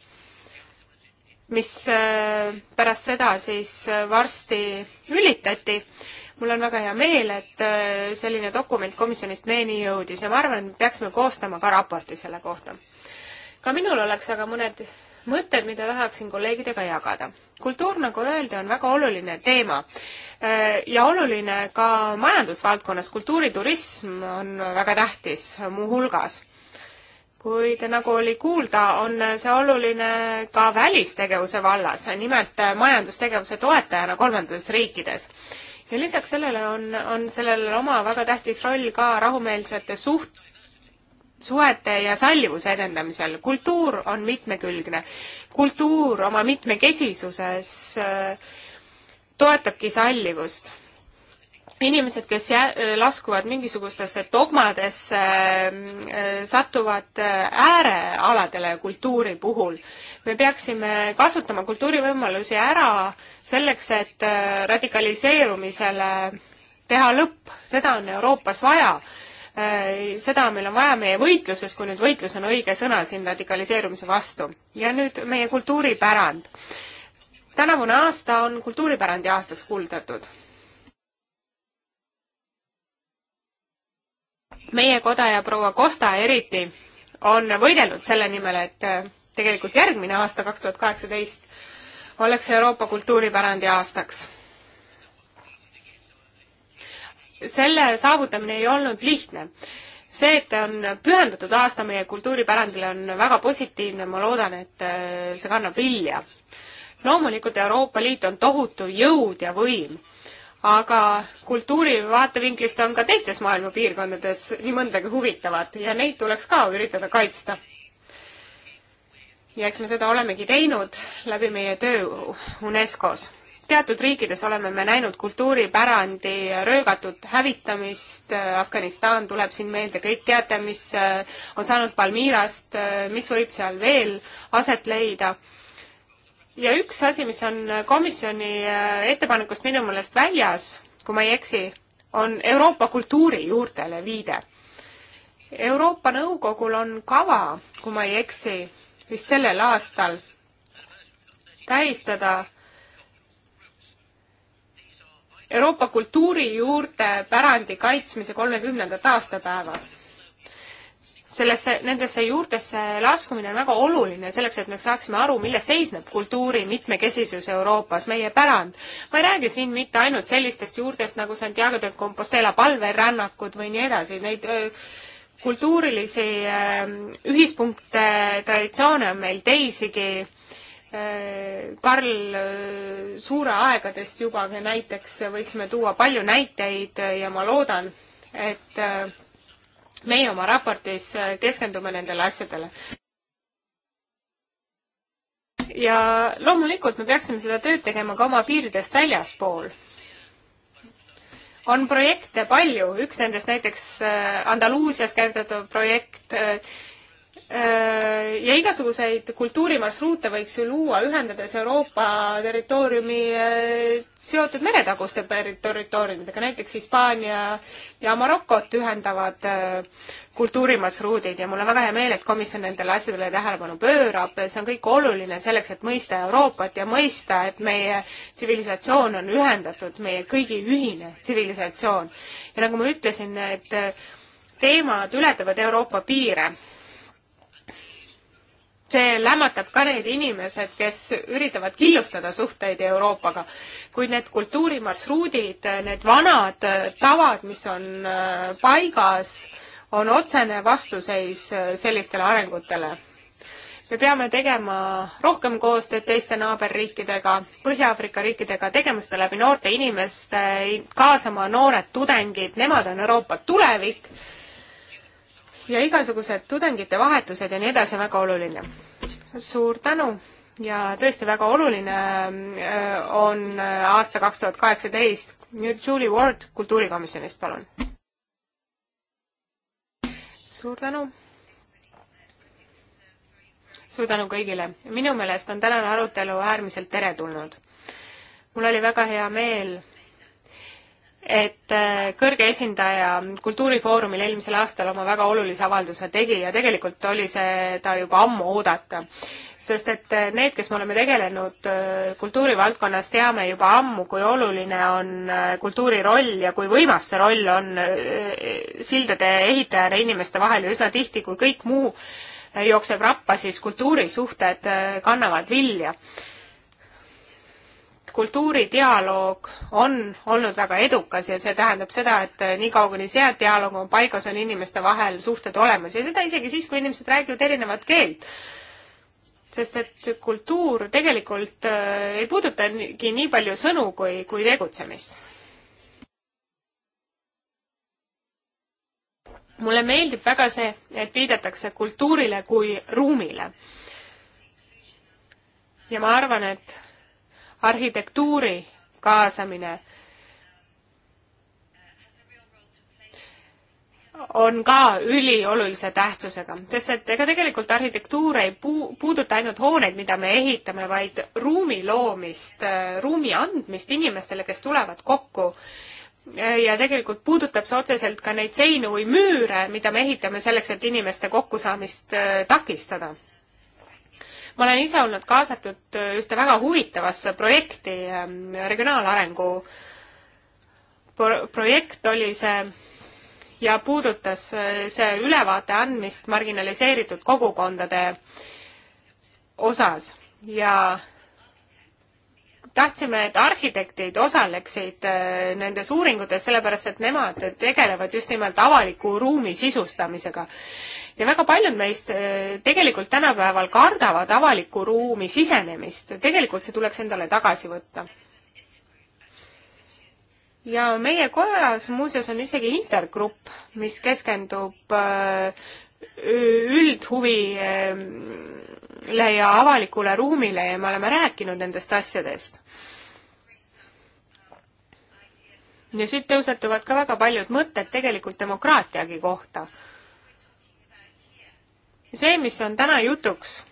mis äh, pärast seda siis äh, varsti ülitati. mul on väga hea meel, et äh, selline dokument komisjonist meieni jõudis ja ma arvan, et me peaksime koostama ka raporti selle kohta. ka minul oleks aga mõned mõtted, mida tahaksin kolleegidega jagada. kultuur, nagu öeldi, on väga oluline teema äh, ja oluline ka majandusvaldkonnas, kultuuriturism on väga tähtis muuhulgas kuid nagu oli kuulda, on see oluline ka välistegevuse vallas, nimelt majandustegevuse toetajana kolmandates riikides ja lisaks sellele on, on sellel oma väga tähtis roll ka rahumeelsete suht-, suhete ja sallivuse edendamisel. kultuur on mitmekülgne. kultuur oma mitmekesisuses äh, toetabki sallivust inimesed, kes jää-, äh, laskuvad mingisugustesse dogmadesse äh,, äh satuvad äärealadele kultuuri puhul. me peaksime kasutama kultuurivõimalusi ära selleks, et äh, radikaliseerumisele teha lõpp, seda on Euroopas vaja Äh, seda meil on vaja meie võitluses, kui nüüd võitlus on õige sõna siin radikaliseerumise vastu. ja nüüd meie kultuuripärand. tänavune aasta on kultuuripärandi aastaks kuulutatud. meie koda ja proua Kosta eriti on võidelnud selle nimel, et äh, tegelikult järgmine aasta, kaks tuhat kaheksateist, oleks Euroopa kultuuripärandi aastaks selle saavutamine ei olnud lihtne. see, et on pühendatud aasta meie kultuuripärandile, on väga positiivne, ma loodan, et äh, see kannab vilja. loomulikult Euroopa Liit on tohutu jõud ja võim, aga kultuuri vaatevinklist on ka teistes maailma piirkondades nii mõndagi huvitavat ja neid tuleks ka üritada kaitsta ja eks me seda olemegi teinud läbi meie töö UNESCO-s teatud riikides oleme me näinud kultuuripärandi röögatud hävitamist, Afganistan tuleb siin meelde, kõik teate, mis äh, on saanud Palmirast, äh, mis võib seal veel aset leida ja üks asi, mis on komisjoni äh, ettepanekust minu meelest väljas, kui ma ei eksi, on Euroopa kultuuri juurtele viide. Euroopa Nõukogul on kava, kui ma ei eksi, vist sellel aastal tähistada Euroopa kultuurijuurte pärandi kaitsmise kolmekümnendat aastapäeva. sellesse, nendesse juurtesse laskumine on väga oluline selleks, et me saaksime aru, milles seisneb kultuuri mitmekesisus Euroopas, meie pärand. ma ei räägi siin mitte ainult sellistest juurtest nagu Santiago de Compostela palverännakud või nii edasi, neid öö, kultuurilisi ühispunkte, traditsioone on meil teisigi Äh, Karl äh, Suure aegadest juba näiteks võiksime tuua palju näiteid äh, ja ma loodan, et meie oma raportis keskendume nendele asjadele. ja loomulikult me peaksime seda tööd tegema ka oma piiridest väljaspool. on projekte palju, üks nendest näiteks Andaluusias käivitatud projekt, ja igasuguseid kultuurimarsruute võiks ju luua, ühendades Euroopa territooriumi eh, seotud meretaguste territooriumidega, näiteks Hispaania ja Marokot ühendavad eh, kultuurimarsruudid ja mul on väga hea meel, et komisjon nendele asjadele tähelepanu pöörab, see on kõik oluline selleks, et mõista Euroopat ja mõista, et meie tsivilisatsioon on ühendatud, meie kõigi ühine tsivilisatsioon. ja nagu ma ütlesin, need eh, teemad ületavad Euroopa piire see lämmatab ka need inimesed, kes üritavad killustada suhteid Euroopaga. kuid need kultuurimarsruudid, need vanad tavad, mis on äh, paigas, on otsene vastuseis äh, sellistele arengutele. me peame tegema rohkem koostööd teiste naaberriikidega, Põhja-Aafrika riikidega, tegema seda läbi noorte inimeste, kaasama noored tudengid, nemad on Euroopa tulevik ja igasugused tudengite vahetused ja nii edasi on väga oluline. suur tänu ja tõesti väga oluline äh, on äh, aasta kaks tuhat kaheksateist. nüüd Julie Ward Kultuurikomisjonist, palun. suur tänu suur tänu kõigile. minu meelest on tänane arutelu äärmiselt teretulnud. mul oli väga hea meel et äh, kõrge esindaja Kultuurifoorumil eelmisel aastal oma väga olulise avalduse tegi ja tegelikult oli seda juba ammu oodata. sest et äh, need, kes me oleme tegelenud äh, kultuurivaldkonnas, teame juba ammu, kui oluline on kultuuri roll ja kui võimas see roll on sildade ehitajana inimeste vahel ja üsna tihti, kui kõik muu jookseb rappa, siis kultuurisuhted kannavad vilja kultuuridialoog on olnud väga edukas ja see tähendab seda, et eh, niikaua, kuni see dialoog on paigas, on inimeste vahel suhted olemas ja seda isegi siis, kui inimesed räägivad erinevat keelt. sest et kultuur tegelikult eh, ei puudutagi nii palju sõnu kui, kui tegutsemist. mulle meeldib väga see, et viidatakse kultuurile kui ruumile. ja ma arvan, et arhitektuuri kaasamine on ka üliolulise tähtsusega, sest et ega tegelikult arhitektuur ei puu-, puuduta ainult hooneid, mida me ehitame, vaid ruumi loomist, ruumi andmist inimestele, kes tulevad kokku. ja tegelikult puudutab see otseselt ka neid seinu või müüre, mida me ehitame selleks, et inimeste kokkusaamist äh, takistada ma olen ise olnud kaasatud äh, ühte väga huvitavasse projekti, ähm, regionaalarengu pro-, projekt oli see ja puudutas äh, see ülevaate andmist marginaliseeritud kogukondade osas ja tahtsime, et arhitektid osaleksid äh, nendes uuringutes, sellepärast et nemad tegelevad just nimelt avaliku ruumi sisustamisega. ja väga paljud meist äh, tegelikult tänapäeval kardavad avaliku ruumi sisenemist, tegelikult see tuleks endale tagasi võtta ja meie kojas muuseas on isegi intergrupp, mis keskendub äh, üldhuvi ähm, ja avalikule ruumile ja me oleme rääkinud nendest asjadest. ja siit tõusetuvad ka väga paljud mõtted tegelikult demokraatiagi kohta. see, mis on täna jutuks,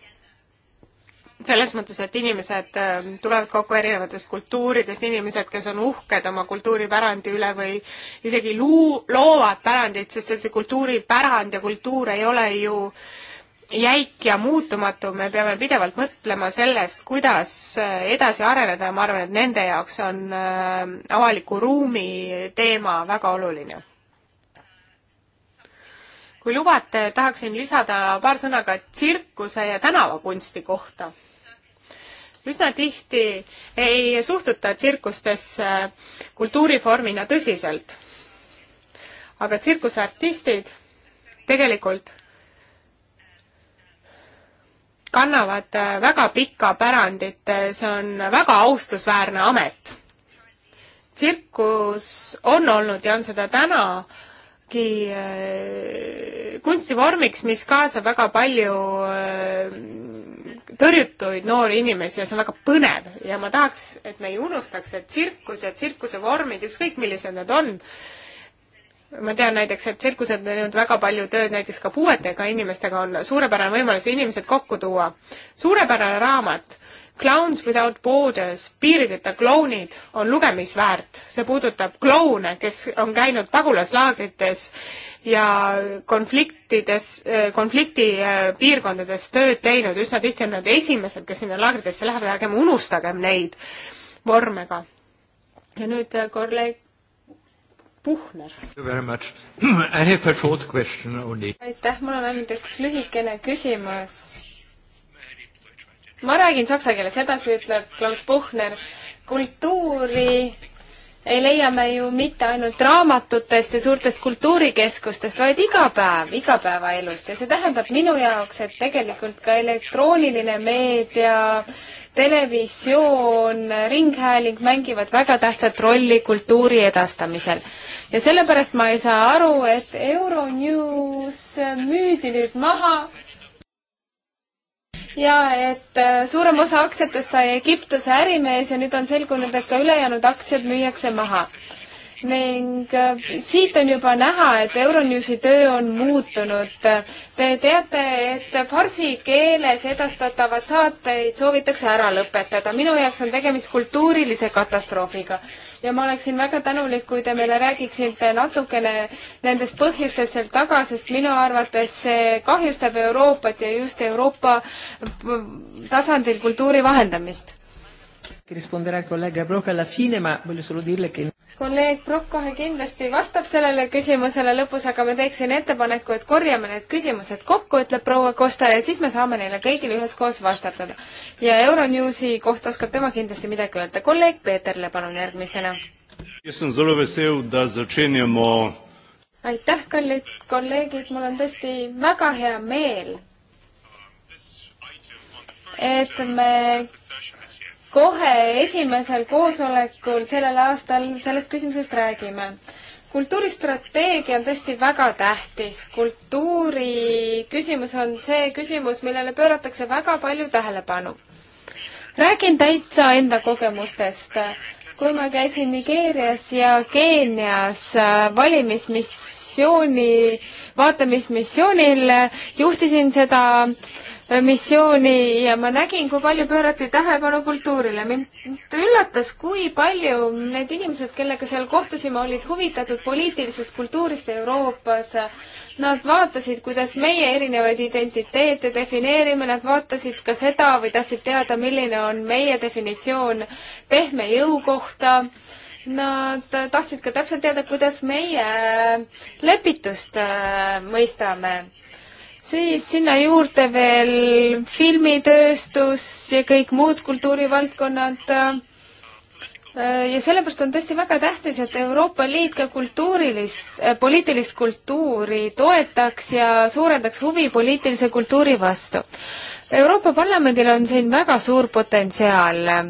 selles mõttes, et inimesed ähm, tulevad kokku erinevatest kultuuridest, inimesed, kes on uhked oma kultuuripärandi üle või isegi luu-, loovad pärandit, sest see kultuuripärand ja kultuur ei ole ju äh, jäik ja muutumatu, me peame pidevalt mõtlema sellest, kuidas äh, edasi areneda ja ma arvan, et nende jaoks on äh, avaliku ruumi teema väga oluline. kui lubate, tahaksin lisada paar sõna ka tsirkuse ja tänavakunsti kohta. üsna tihti ei suhtuta tsirkustesse kultuurivormina tõsiselt, aga tsirkuseartistid tegelikult kannavad äh, väga pikka pärandit, äh, see on väga austusväärne amet. tsirkus on olnud ja on seda tänagi äh, kunstivormiks, mis kaasab väga palju tõrjutuid noori inimesi ja see on väga põnev ja ma tahaks, et me ei unustaks, et tsirkus ja tsirkuse vormid, ükskõik millised nad on, ma tean näiteks, et tsirkused on teinud väga palju tööd näiteks ka puuetega inimestega, on suurepärane võimalus inimesed kokku tuua. suurepärane raamat Clowns Without Borders, piirideta klounid on lugemisväärt. see puudutab kloune, kes on käinud pagulaslaagrites ja konfliktides, eh, konfliktipiirkondades eh, tööd teinud. üsna tihti on nad esimesed, kes sinna laagritesse lähevad, ärgem unustagem neid vormega. ja nüüd eh, kolleeg Puhner. aitäh, mul on ainult üks lühikene küsimus. ma räägin saksa keeles edasi, ütleb Klaus Puhner. kultuuri ei leia me ju mitte ainult raamatutest ja suurtest kultuurikeskustest, vaid iga päev, igapäevaelust ja see tähendab minu jaoks, et tegelikult ka elektrooniline meedia äh, televisioon, ringhääling mängivad väga tähtsat rolli kultuuri edastamisel. ja sellepärast ma ei saa aru, et Euronews müüdi nüüd maha ja et äh, suurem osa aktsiatest sai Egiptuse ärimees ja nüüd on selgunud, et ka ülejäänud aktsiad müüakse maha ning äh, siit on juba näha, et Euronewsi töö on muutunud. Te teate, et farsi keeles edastatavad saateid soovitakse ära lõpetada. minu jaoks on tegemist kultuurilise katastroofiga ja ma oleksin väga tänulik, kui te meile räägiksite natukene nendest põhjustest seal taga, sest minu arvates see kahjustab Euroopat ja just Euroopa äh, tasandil kultuuri vahendamist rispondere al collega Brock alla fine, ma voglio solo dirle che kolleeg Brock kohe kindlasti vastab sellele küsimusele lõpus, aga ma teeksin ettepaneku, et korjame need küsimused kokku, ütleb proua Kosta ja siis me saame neile kõigile üheskoos vastata. ja Euronewsi kohta oskab tema kindlasti midagi öelda. kolleeg Peeterle palun järgmisena. aitäh, kallid kolleegid, mul on tõesti väga hea meel, et me kohe esimesel koosolekul sellel aastal sellest küsimusest räägime. kultuuristrateegia on tõesti väga tähtis. kultuuri küsimus on see küsimus, millele pööratakse väga palju tähelepanu. räägin täitsa enda kogemustest kui ma käisin Nigeerias ja Keenias äh, valimismissiooni, vaatamismissioonil, juhtisin seda missiooni ja ma nägin, kui palju pöörati tähelepanu kultuurile. mind üllatas, kui palju need inimesed, kellega seal kohtusime, olid huvitatud poliitilisest kultuurist Euroopas. Nad vaatasid, kuidas meie erinevaid identiteete defineerime, nad vaatasid ka seda või tahtsid teada, milline on meie definitsioon pehme jõu kohta Nad tahtsid ka täpselt teada, kuidas meie lepitust äh, mõistame siis sinna juurde veel filmitööstus ja kõik muud kultuurivaldkonnad. Äh, ja sellepärast on tõesti väga tähtis, et Euroopa Liit ka kultuurilist, äh, poliitilist kultuuri toetaks ja suurendaks huvi poliitilise kultuuri vastu. Euroopa Parlamendil on siin väga suur potentsiaal äh,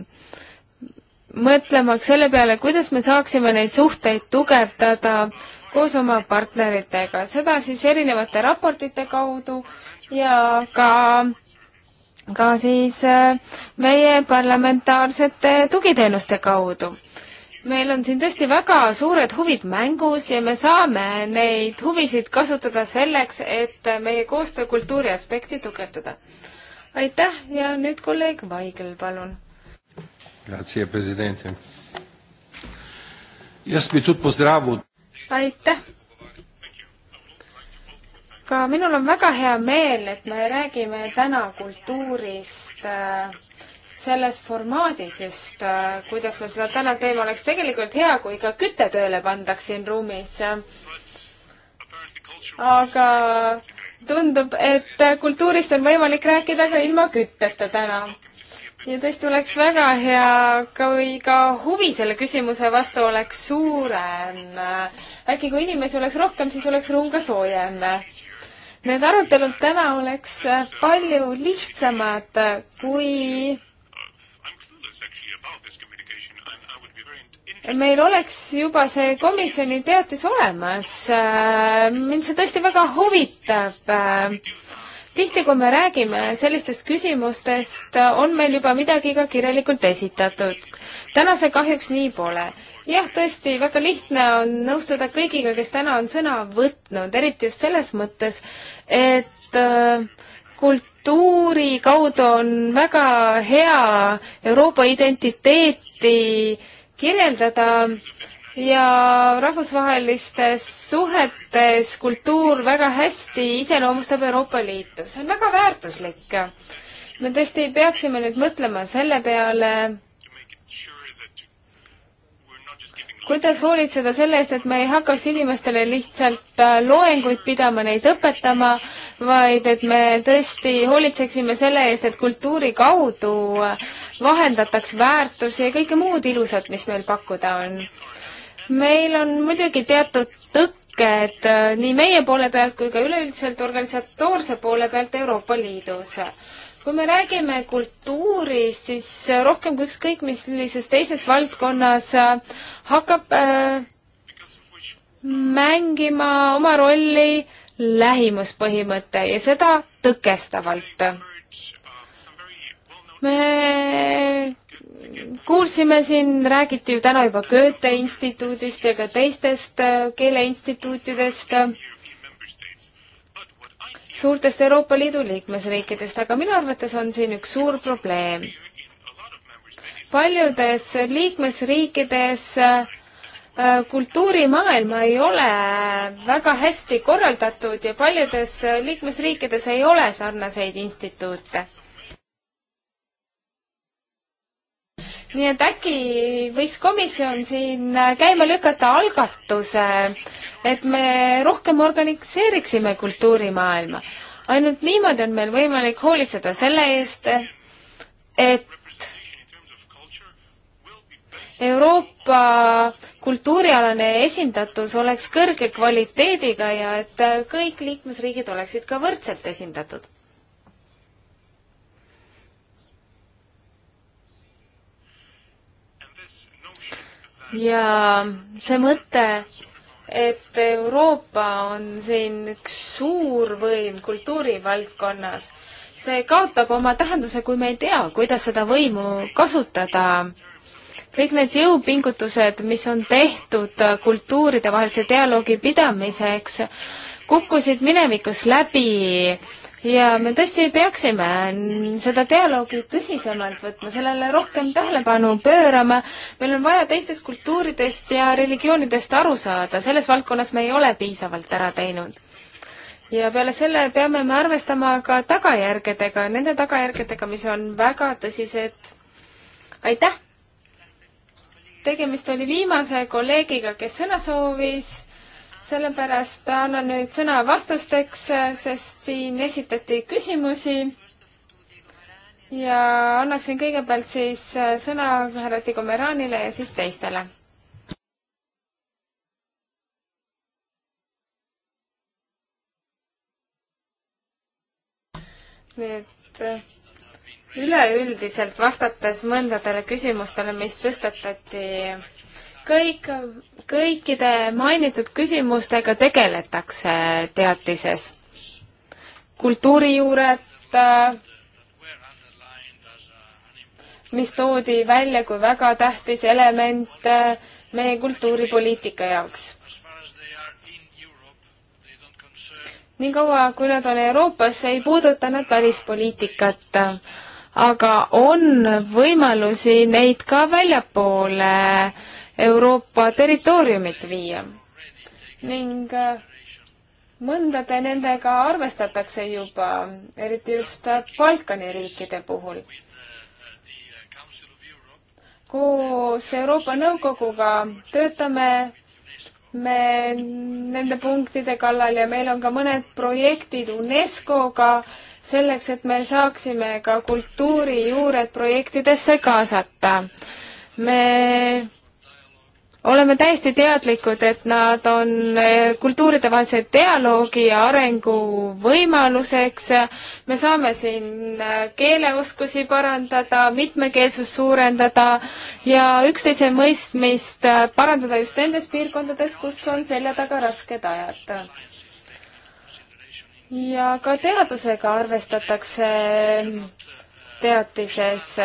mõtlemaks selle peale, kuidas me saaksime neid suhteid tugevdada koos oma partneritega, seda siis erinevate raportite kaudu ja ka ka siis äh, meie parlamentaarsete tugiteenuste kaudu meil on siin tõesti väga suured huvid mängus ja me saame neid huvisid kasutada selleks, et meie koostöökultuuri aspekti tugevdada. aitäh ja nüüd kolleeg Vaigel, palun. Grazie, president. Jaz bi tudi pozdravil aitäh! ka minul on väga hea meel, et me räägime täna kultuurist äh, selles formaadis just, äh, kuidas me seda täna teeme, oleks tegelikult hea, kui ka küte tööle pandaks siin ruumis. aga tundub, et kultuurist on võimalik rääkida ka ilma kütteta täna ja tõesti oleks väga hea, kui ka huvi selle küsimuse vastu oleks suurem. äkki kui inimesi oleks rohkem, siis oleks ruum ka soojem. Need arutelud täna oleks palju lihtsamad, kui meil oleks juba see komisjoni teatis olemas. mind see tõesti väga huvitab tihti, kui me räägime sellistest küsimustest, on meil juba midagi ka kirjalikult esitatud. täna see kahjuks nii pole. jah, tõesti, väga lihtne on nõustuda kõigiga, kes täna on sõna võtnud, eriti just selles mõttes, et äh, kultuuri kaudu on väga hea Euroopa identiteeti kirjeldada ja rahvusvahelistes suhetes kultuur väga hästi iseloomustab Euroopa Liitu. see on väga väärtuslik. me tõesti peaksime nüüd mõtlema selle peale, kuidas hoolitseda selle eest, et me ei hakkaks inimestele lihtsalt äh, loenguid pidama, neid õpetama, vaid et me tõesti hoolitseksime selle eest, et kultuuri kaudu vahendataks väärtusi ja kõike muud ilusat, mis meil pakkuda on meil on muidugi teatud tõkked äh, nii meie poole pealt kui ka üleüldiselt organisatoorse poole pealt Euroopa Liidus. kui me räägime kultuurist, siis äh, rohkem kui ükskõik millises teises valdkonnas äh, hakkab äh, mängima oma rolli lähimuspõhimõte ja seda tõkestavalt. me kuulsime siin, räägiti ju täna juba Goethe instituudist ja ka teistest äh, keeleinstituutidest, suurtest Euroopa Liidu liikmesriikidest, aga minu arvates on siin üks suur probleem. paljudes liikmesriikides äh, kultuurimaailm ei ole väga hästi korraldatud ja paljudes äh, liikmesriikides ei ole sarnaseid instituute nii et äkki võiks komisjon siin käima lükata algatuse, et me rohkem organiseeriksime kultuurimaailma. ainult niimoodi on meil võimalik hoolitseda selle eest, et Euroopa kultuurialane esindatus oleks kõrge kvaliteediga ja et kõik liikmesriigid oleksid ka võrdselt esindatud ja see mõte, et Euroopa on siin üks suur võim kultuurivaldkonnas, see kaotab oma tähenduse, kui me ei tea, kuidas seda võimu kasutada. kõik need jõupingutused, mis on tehtud kultuuride vahelise dialoogi pidamiseks, kukkusid minevikus läbi ja me tõesti peaksime seda dialoogi tõsisemalt võtma, sellele rohkem tähelepanu pöörama. meil on vaja teistest kultuuridest ja religioonidest aru saada, selles valdkonnas me ei ole piisavalt ära teinud ja peale selle peame me arvestama ka tagajärgedega, nende tagajärgedega, mis on väga tõsised. aitäh! tegemist oli viimase kolleegiga, kes sõna soovis sellepärast annan nüüd sõna vastusteks, sest siin esitati küsimusi. ja annaksin kõigepealt siis sõna härra Tigo Meranile ja siis teistele nii et üleüldiselt vastates mõndadele küsimustele, mis tõstatati kõik, kõikide mainitud küsimustega tegeletakse teatises. kultuurijuured, äh, mis toodi välja kui väga tähtis element äh, meie kultuuripoliitika jaoks. niikaua, kui nad on Euroopas, ei puuduta nad välispoliitikat, aga on võimalusi neid ka väljapoole äh, Euroopa territooriumit viia. ning äh, mõndade nendega arvestatakse juba, eriti just äh, Balkani riikide puhul. koos Euroopa Nõukoguga töötame me nende punktide kallal ja meil on ka mõned projektid UNESCO-ga selleks, et me saaksime ka kultuurijuured projektidesse kaasata. me oleme täiesti teadlikud, et nad on eh, kultuuridevahelise dialoogi ja arengu võimaluseks. me saame siin eh, keeleoskusi parandada, mitmekeelsust suurendada ja üksteise mõistmist eh, parandada just nendes piirkondades, kus on selja taga rasked ajad. ja ka teadusega arvestatakse teatises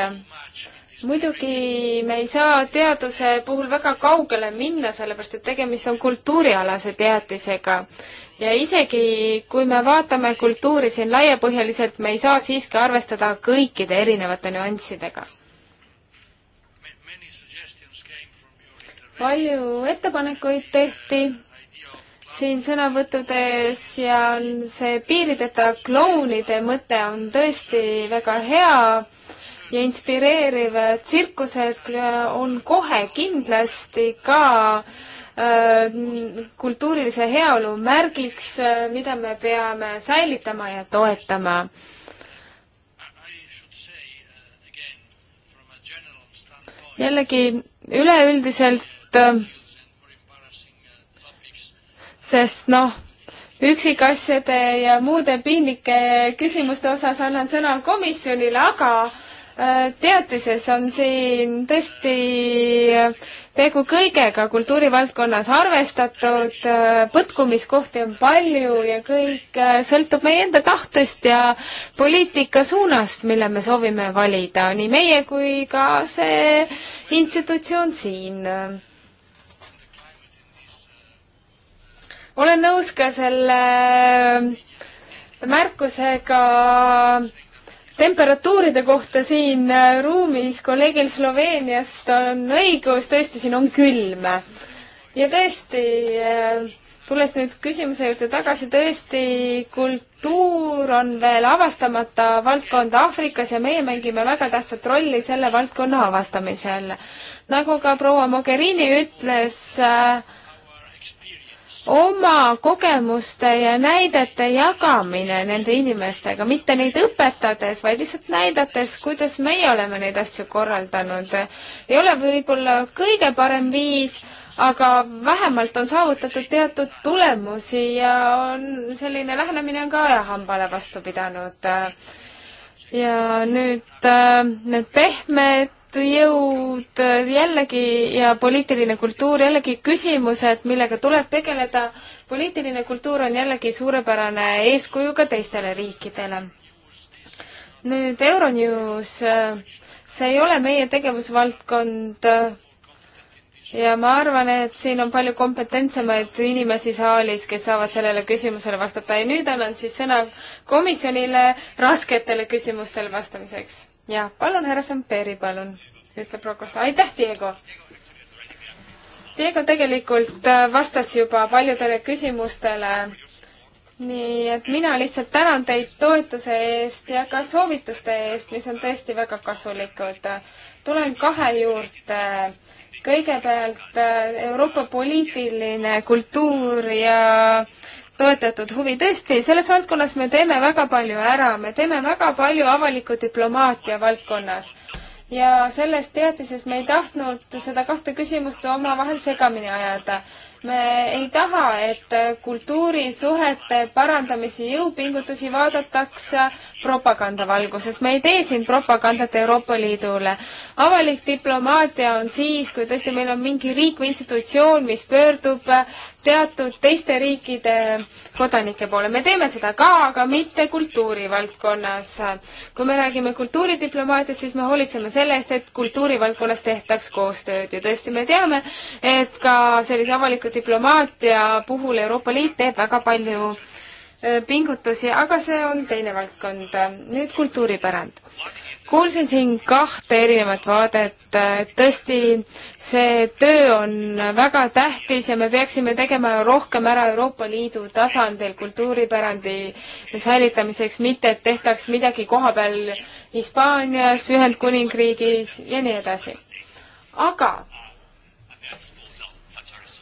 muidugi me ei saa teaduse puhul väga kaugele minna, sellepärast et tegemist on kultuurialase teatisega. ja isegi, kui me vaatame kultuuri siin laiapõhjaliselt, me ei saa siiski arvestada kõikide erinevate nüanssidega. palju ettepanekuid tehti siin sõnavõttudes ja see piirideta klounide mõte on tõesti väga hea ja inspireeriv tsirkused äh, on kohe kindlasti ka äh, kultuurilise heaolu märgiks, äh, mida me peame säilitama ja toetama jällegi üleüldiselt, sest noh, üksikasjade ja muude piinlike küsimuste osas annan sõna komisjonile, aga Äh, teatises on siin tõesti äh, peaaegu kõigega kultuurivaldkonnas arvestatud, äh, põtkumiskohti on palju ja kõik sõltub meie enda tahtest ja poliitika suunast, mille me soovime valida, nii meie kui ka see institutsioon siin. olen nõus ka selle märkusega temperatuuride kohta siin äh, ruumis kolleegil Sloveeniast on õigus, tõesti, siin on külm. ja tõesti, äh, tulles nüüd küsimuse juurde tagasi, tõesti, kultuur on veel avastamata valdkond Aafrikas ja meie mängime väga tähtsat rolli selle valdkonna avastamisel. nagu ka proua Mogherini ütles äh,, oma kogemuste ja näidete jagamine nende inimestega, mitte neid õpetades, vaid lihtsalt näidates, kuidas meie oleme neid asju korraldanud. ei ole võib-olla kõige parem viis, aga vähemalt on saavutatud teatud tulemusi ja on selline lähenemine on ka hambale vastu pidanud. ja nüüd äh, need pehmed jõud äh, jällegi ja poliitiline kultuur jällegi küsimused, millega tuleb tegeleda. poliitiline kultuur on jällegi suurepärane eeskuju ka teistele riikidele. nüüd Euronews, äh, see ei ole meie tegevusvaldkond äh, ja ma arvan, et siin on palju kompetentsemaid inimesi saalis, kes saavad sellele küsimusele vastata ja nüüd annan siis sõna komisjonile rasketele küsimustele vastamiseks ja palun, härra Samperi, palun, ütleb Prokosta. aitäh, Diego! Diego tegelikult äh, vastas juba paljudele küsimustele, nii et mina lihtsalt tänan teid toetuse eest ja ka soovituste eest, mis on tõesti väga kasulikud. tulen kahe juurde. kõigepealt äh, Euroopa poliitiline kultuur ja toetatud huvi. tõesti, selles valdkonnas me teeme väga palju ära, me teeme väga palju avaliku diplomaatia valdkonnas. ja selles teatises me ei tahtnud seda kahte küsimust omavahel segamini ajada. me ei taha, et kultuurisuhete parandamise jõupingutusi vaadatakse propaganda valguses. me ei tee siin propagandat Euroopa Liidule. avalik diplomaatia on siis, kui tõesti meil on mingi riik või institutsioon, mis pöördub teatud teiste riikide kodanike poole. me teeme seda ka, aga mitte kultuurivaldkonnas. kui me räägime kultuuridiplomaatiast, siis me hoolitseme selle eest, et kultuurivaldkonnas tehtaks koostööd ja tõesti, me teame, et ka sellise avaliku diplomaatia puhul Euroopa Liit teeb väga palju äh, pingutusi, aga see on teine valdkond. nüüd kultuuripärand kuulsin siin kahte erinevat vaadet, tõesti see töö on väga tähtis ja me peaksime tegema rohkem ära Euroopa Liidu tasandil kultuuripärandi säilitamiseks, mitte et tehtaks midagi kohapeal Hispaanias, Ühendkuningriigis ja nii edasi. aga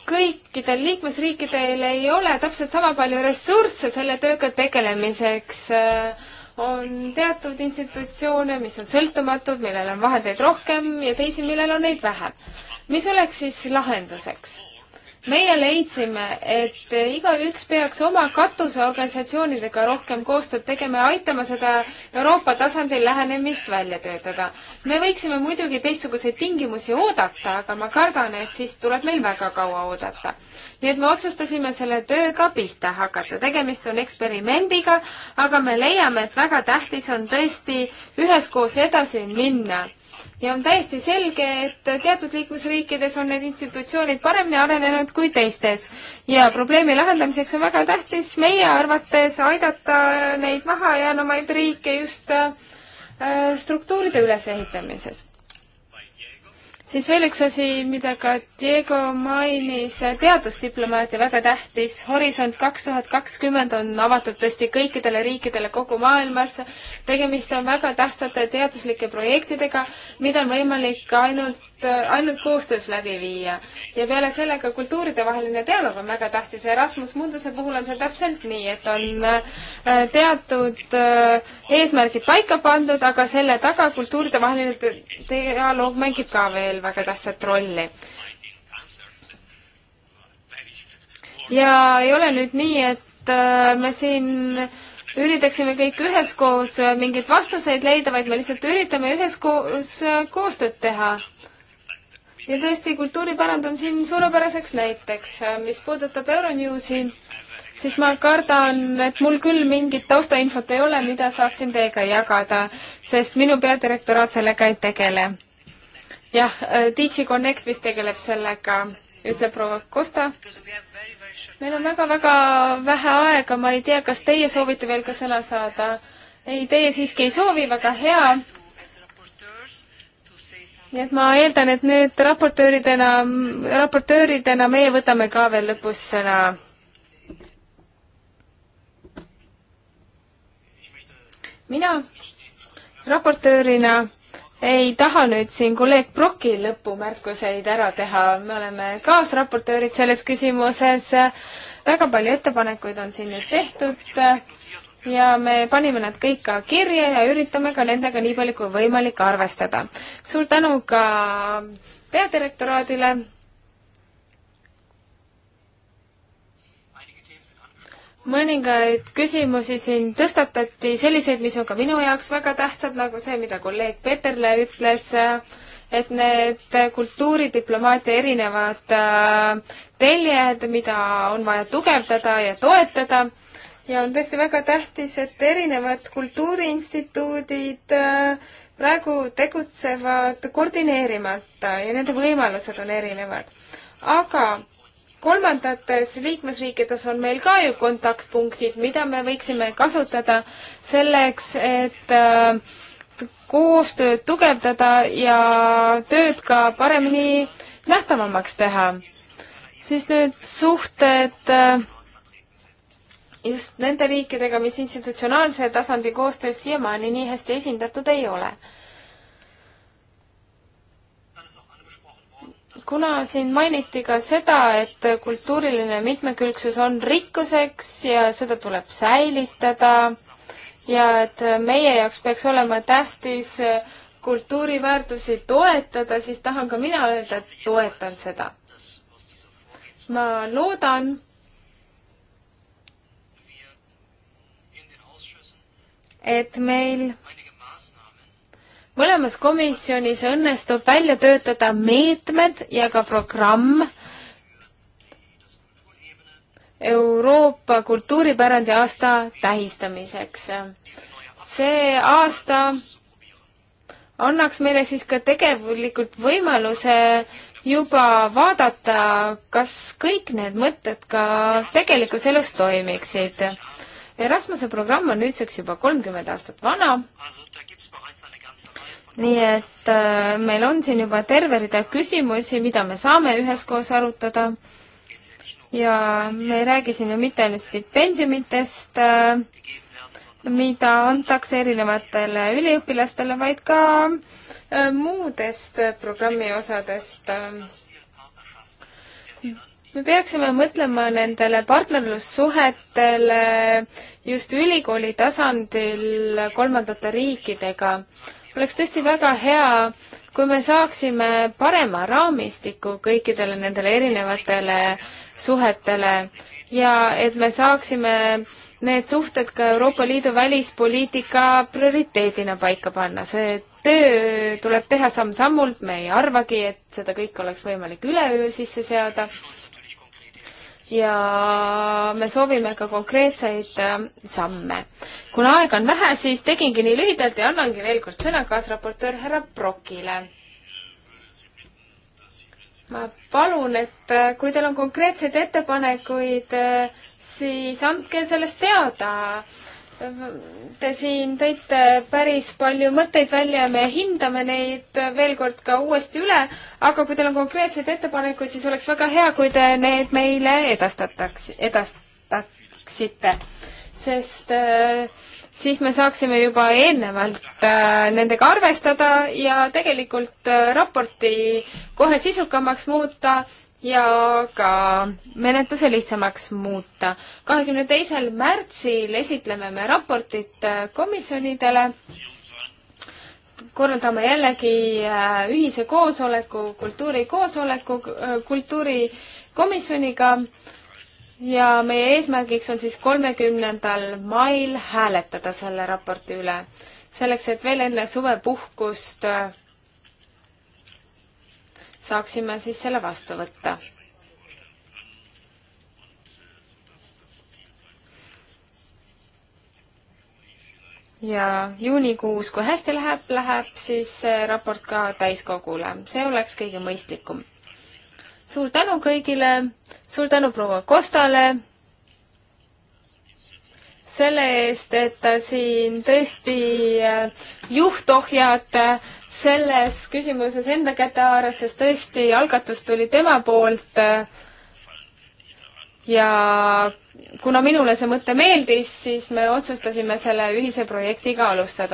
kõikidel liikmesriikidel ei ole täpselt sama palju ressursse selle tööga tegelemiseks äh, on teatud institutsioone, mis on sõltumatud, millel on vahendeid rohkem ja teisi, millel on neid vähem. mis oleks siis lahenduseks? meie leidsime, et igaüks peaks oma katuseorganisatsioonidega rohkem koostööd tegema ja aitama seda Euroopa tasandil lähenemist välja töötada. me võiksime muidugi teistsuguseid tingimusi oodata, aga ma kardan, et siis tuleb meil väga kaua oodata. nii et me otsustasime selle tööga pihta hakata. tegemist on eksperimendiga, aga me leiame, et väga tähtis on tõesti üheskoos edasi minna ja on täiesti selge, et teatud liikmesriikides on need institutsioonid paremini arenenud kui teistes. ja probleemi lahendamiseks on väga tähtis meie arvates aidata neid mahajäänumaid riike just äh, struktuuride ülesehitamises siis veel üks asi, mida ka Diego mainis, teadusdiplomaatia väga tähtis. Horisont kaks tuhat kakskümmend on avatud tõesti kõikidele riikidele kogu maailmas. tegemist on väga tähtsate teaduslike projektidega, mida on võimalik ainult Äh, ainult koostöös läbi viia. ja peale selle ka kultuuridevaheline dialoog on väga tähtis. Erasmus Munduse puhul on see täpselt nii, et on äh, teatud äh, eesmärgid paika pandud, aga selle taga kultuuridevaheline dialoog mängib ka veel väga tähtsat rolli. ja ei ole nüüd nii, et me siin üritaksime kõik üheskoos mingeid vastuseid leida, vaid me lihtsalt üritame üheskoos koostööd teha ja tõesti, kultuuripärand on siin suurepäraseks näiteks. Äh, mis puudutab Euronewsi, siis ma kardan, et mul küll mingit taustainfot ei ole, mida saaksin teiega jagada, sest minu peadirektoraat sellega ei tegele. jah, äh, DG Connect vist tegeleb sellega, ütleb proua Kosta. meil on väga-väga vähe aega, ma ei tea, kas teie soovite veel ka sõna saada? ei, teie siiski ei soovi, väga hea nii et ma eeldan, et nüüd raportööridena, raportööridena meie võtame ka veel lõpus sõna. mina raportöörina ei taha nüüd siin kolleeg Broki lõpumärkuseid ära teha, me oleme kaasraportöörid selles küsimuses, väga palju ettepanekuid on siin nüüd tehtud ja me panime nad kõik ka kirja ja üritame ka nendega nii palju kui võimalik arvestada. suur tänu ka peadirektoraadile. mõningaid küsimusi siin tõstatati, selliseid, mis on ka minu jaoks väga tähtsad, nagu see, mida kolleeg Peterle ütles, et need kultuuridiplomaatia erinevad äh, teljed, mida on vaja tugevdada ja toetada ja on tõesti väga tähtis, et erinevad kultuuriinstituudid äh, praegu tegutsevad koordineerimata ja nende võimalused on erinevad. aga kolmandates liikmesriikides on meil ka ju kontaktpunktid, mida me võiksime kasutada selleks, et äh, koostööd tugevdada ja tööd ka paremini nähtavamaks teha. siis nüüd suhted äh, just nende riikidega, mis institutsionaalse tasandi koostöös siiamaani nii hästi esindatud ei ole. kuna siin mainiti ka seda, et kultuuriline mitmekülgsus on rikkuseks ja seda tuleb säilitada ja et meie jaoks peaks olema tähtis kultuuriväärtusi toetada, siis tahan ka mina öelda, et toetan seda. ma loodan, et meil mõlemas komisjonis õnnestub välja töötada meetmed ja ka programm Euroopa kultuuripärandi aasta tähistamiseks. see aasta annaks meile siis ka tegelikult võimaluse juba vaadata, kas kõik need mõtted ka tegelikus elus toimiksid Erasmuse programm on nüüdseks juba kolmkümmend aastat vana. nii et äh, meil on siin juba terve rida küsimusi, mida me saame üheskoos arutada. ja me ei räägi siin ju mitte ainult stipendiumitest äh,, mida antakse erinevatele üliõpilastele, vaid ka äh, muudest programmi osadest äh, me peaksime mõtlema nendele partnerlussuhetele just ülikooli tasandil kolmandate riikidega. oleks tõesti väga hea, kui me saaksime parema raamistiku kõikidele nendele erinevatele suhetele ja et me saaksime need suhted ka Euroopa Liidu välispoliitika prioriteedina paika panna. see töö tuleb teha samm-sammult, me ei arvagi, et seda kõike oleks võimalik üleöö sisse seada ja me soovime ka konkreetseid äh, samme. kuna aega on vähe, siis tegingi nii lühidalt ja annangi veel kord sõna kaasraportöör härra Brokile. ma palun, et äh, kui teil on konkreetseid ettepanekuid, äh, siis andke sellest teada Te siin tõite päris palju mõtteid välja ja me hindame neid veel kord ka uuesti üle, aga kui teil on konkreetseid ettepanekuid, siis oleks väga hea, kui te need meile edastataks, edastaksite. sest äh, siis me saaksime juba eelnevalt äh, nendega arvestada ja tegelikult äh, raporti kohe sisukamaks muuta ja ka menetluse lihtsamaks muuta. kahekümne teisel märtsil esitleme me raportit komisjonidele, korraldame jällegi äh, ühise koosoleku, kultuurikoosoleku, äh, kultuurikomisjoniga ja meie eesmärgiks on siis kolmekümnendal mail hääletada selle raporti üle, selleks et veel enne suvepuhkust äh, saaksime siis selle vastu võtta. ja juunikuus, kui hästi läheb, läheb siis raport ka täiskogule, see oleks kõige mõistlikum. suur tänu kõigile, suur tänu proua Kostale selle eest, et siin tõesti äh, juhtohjad äh, selles küsimuses enda käte haaras, sest tõesti algatus tuli tema poolt. Äh, ja kuna minule see mõte meeldis, siis me otsustasime selle ühise projektiga alustada.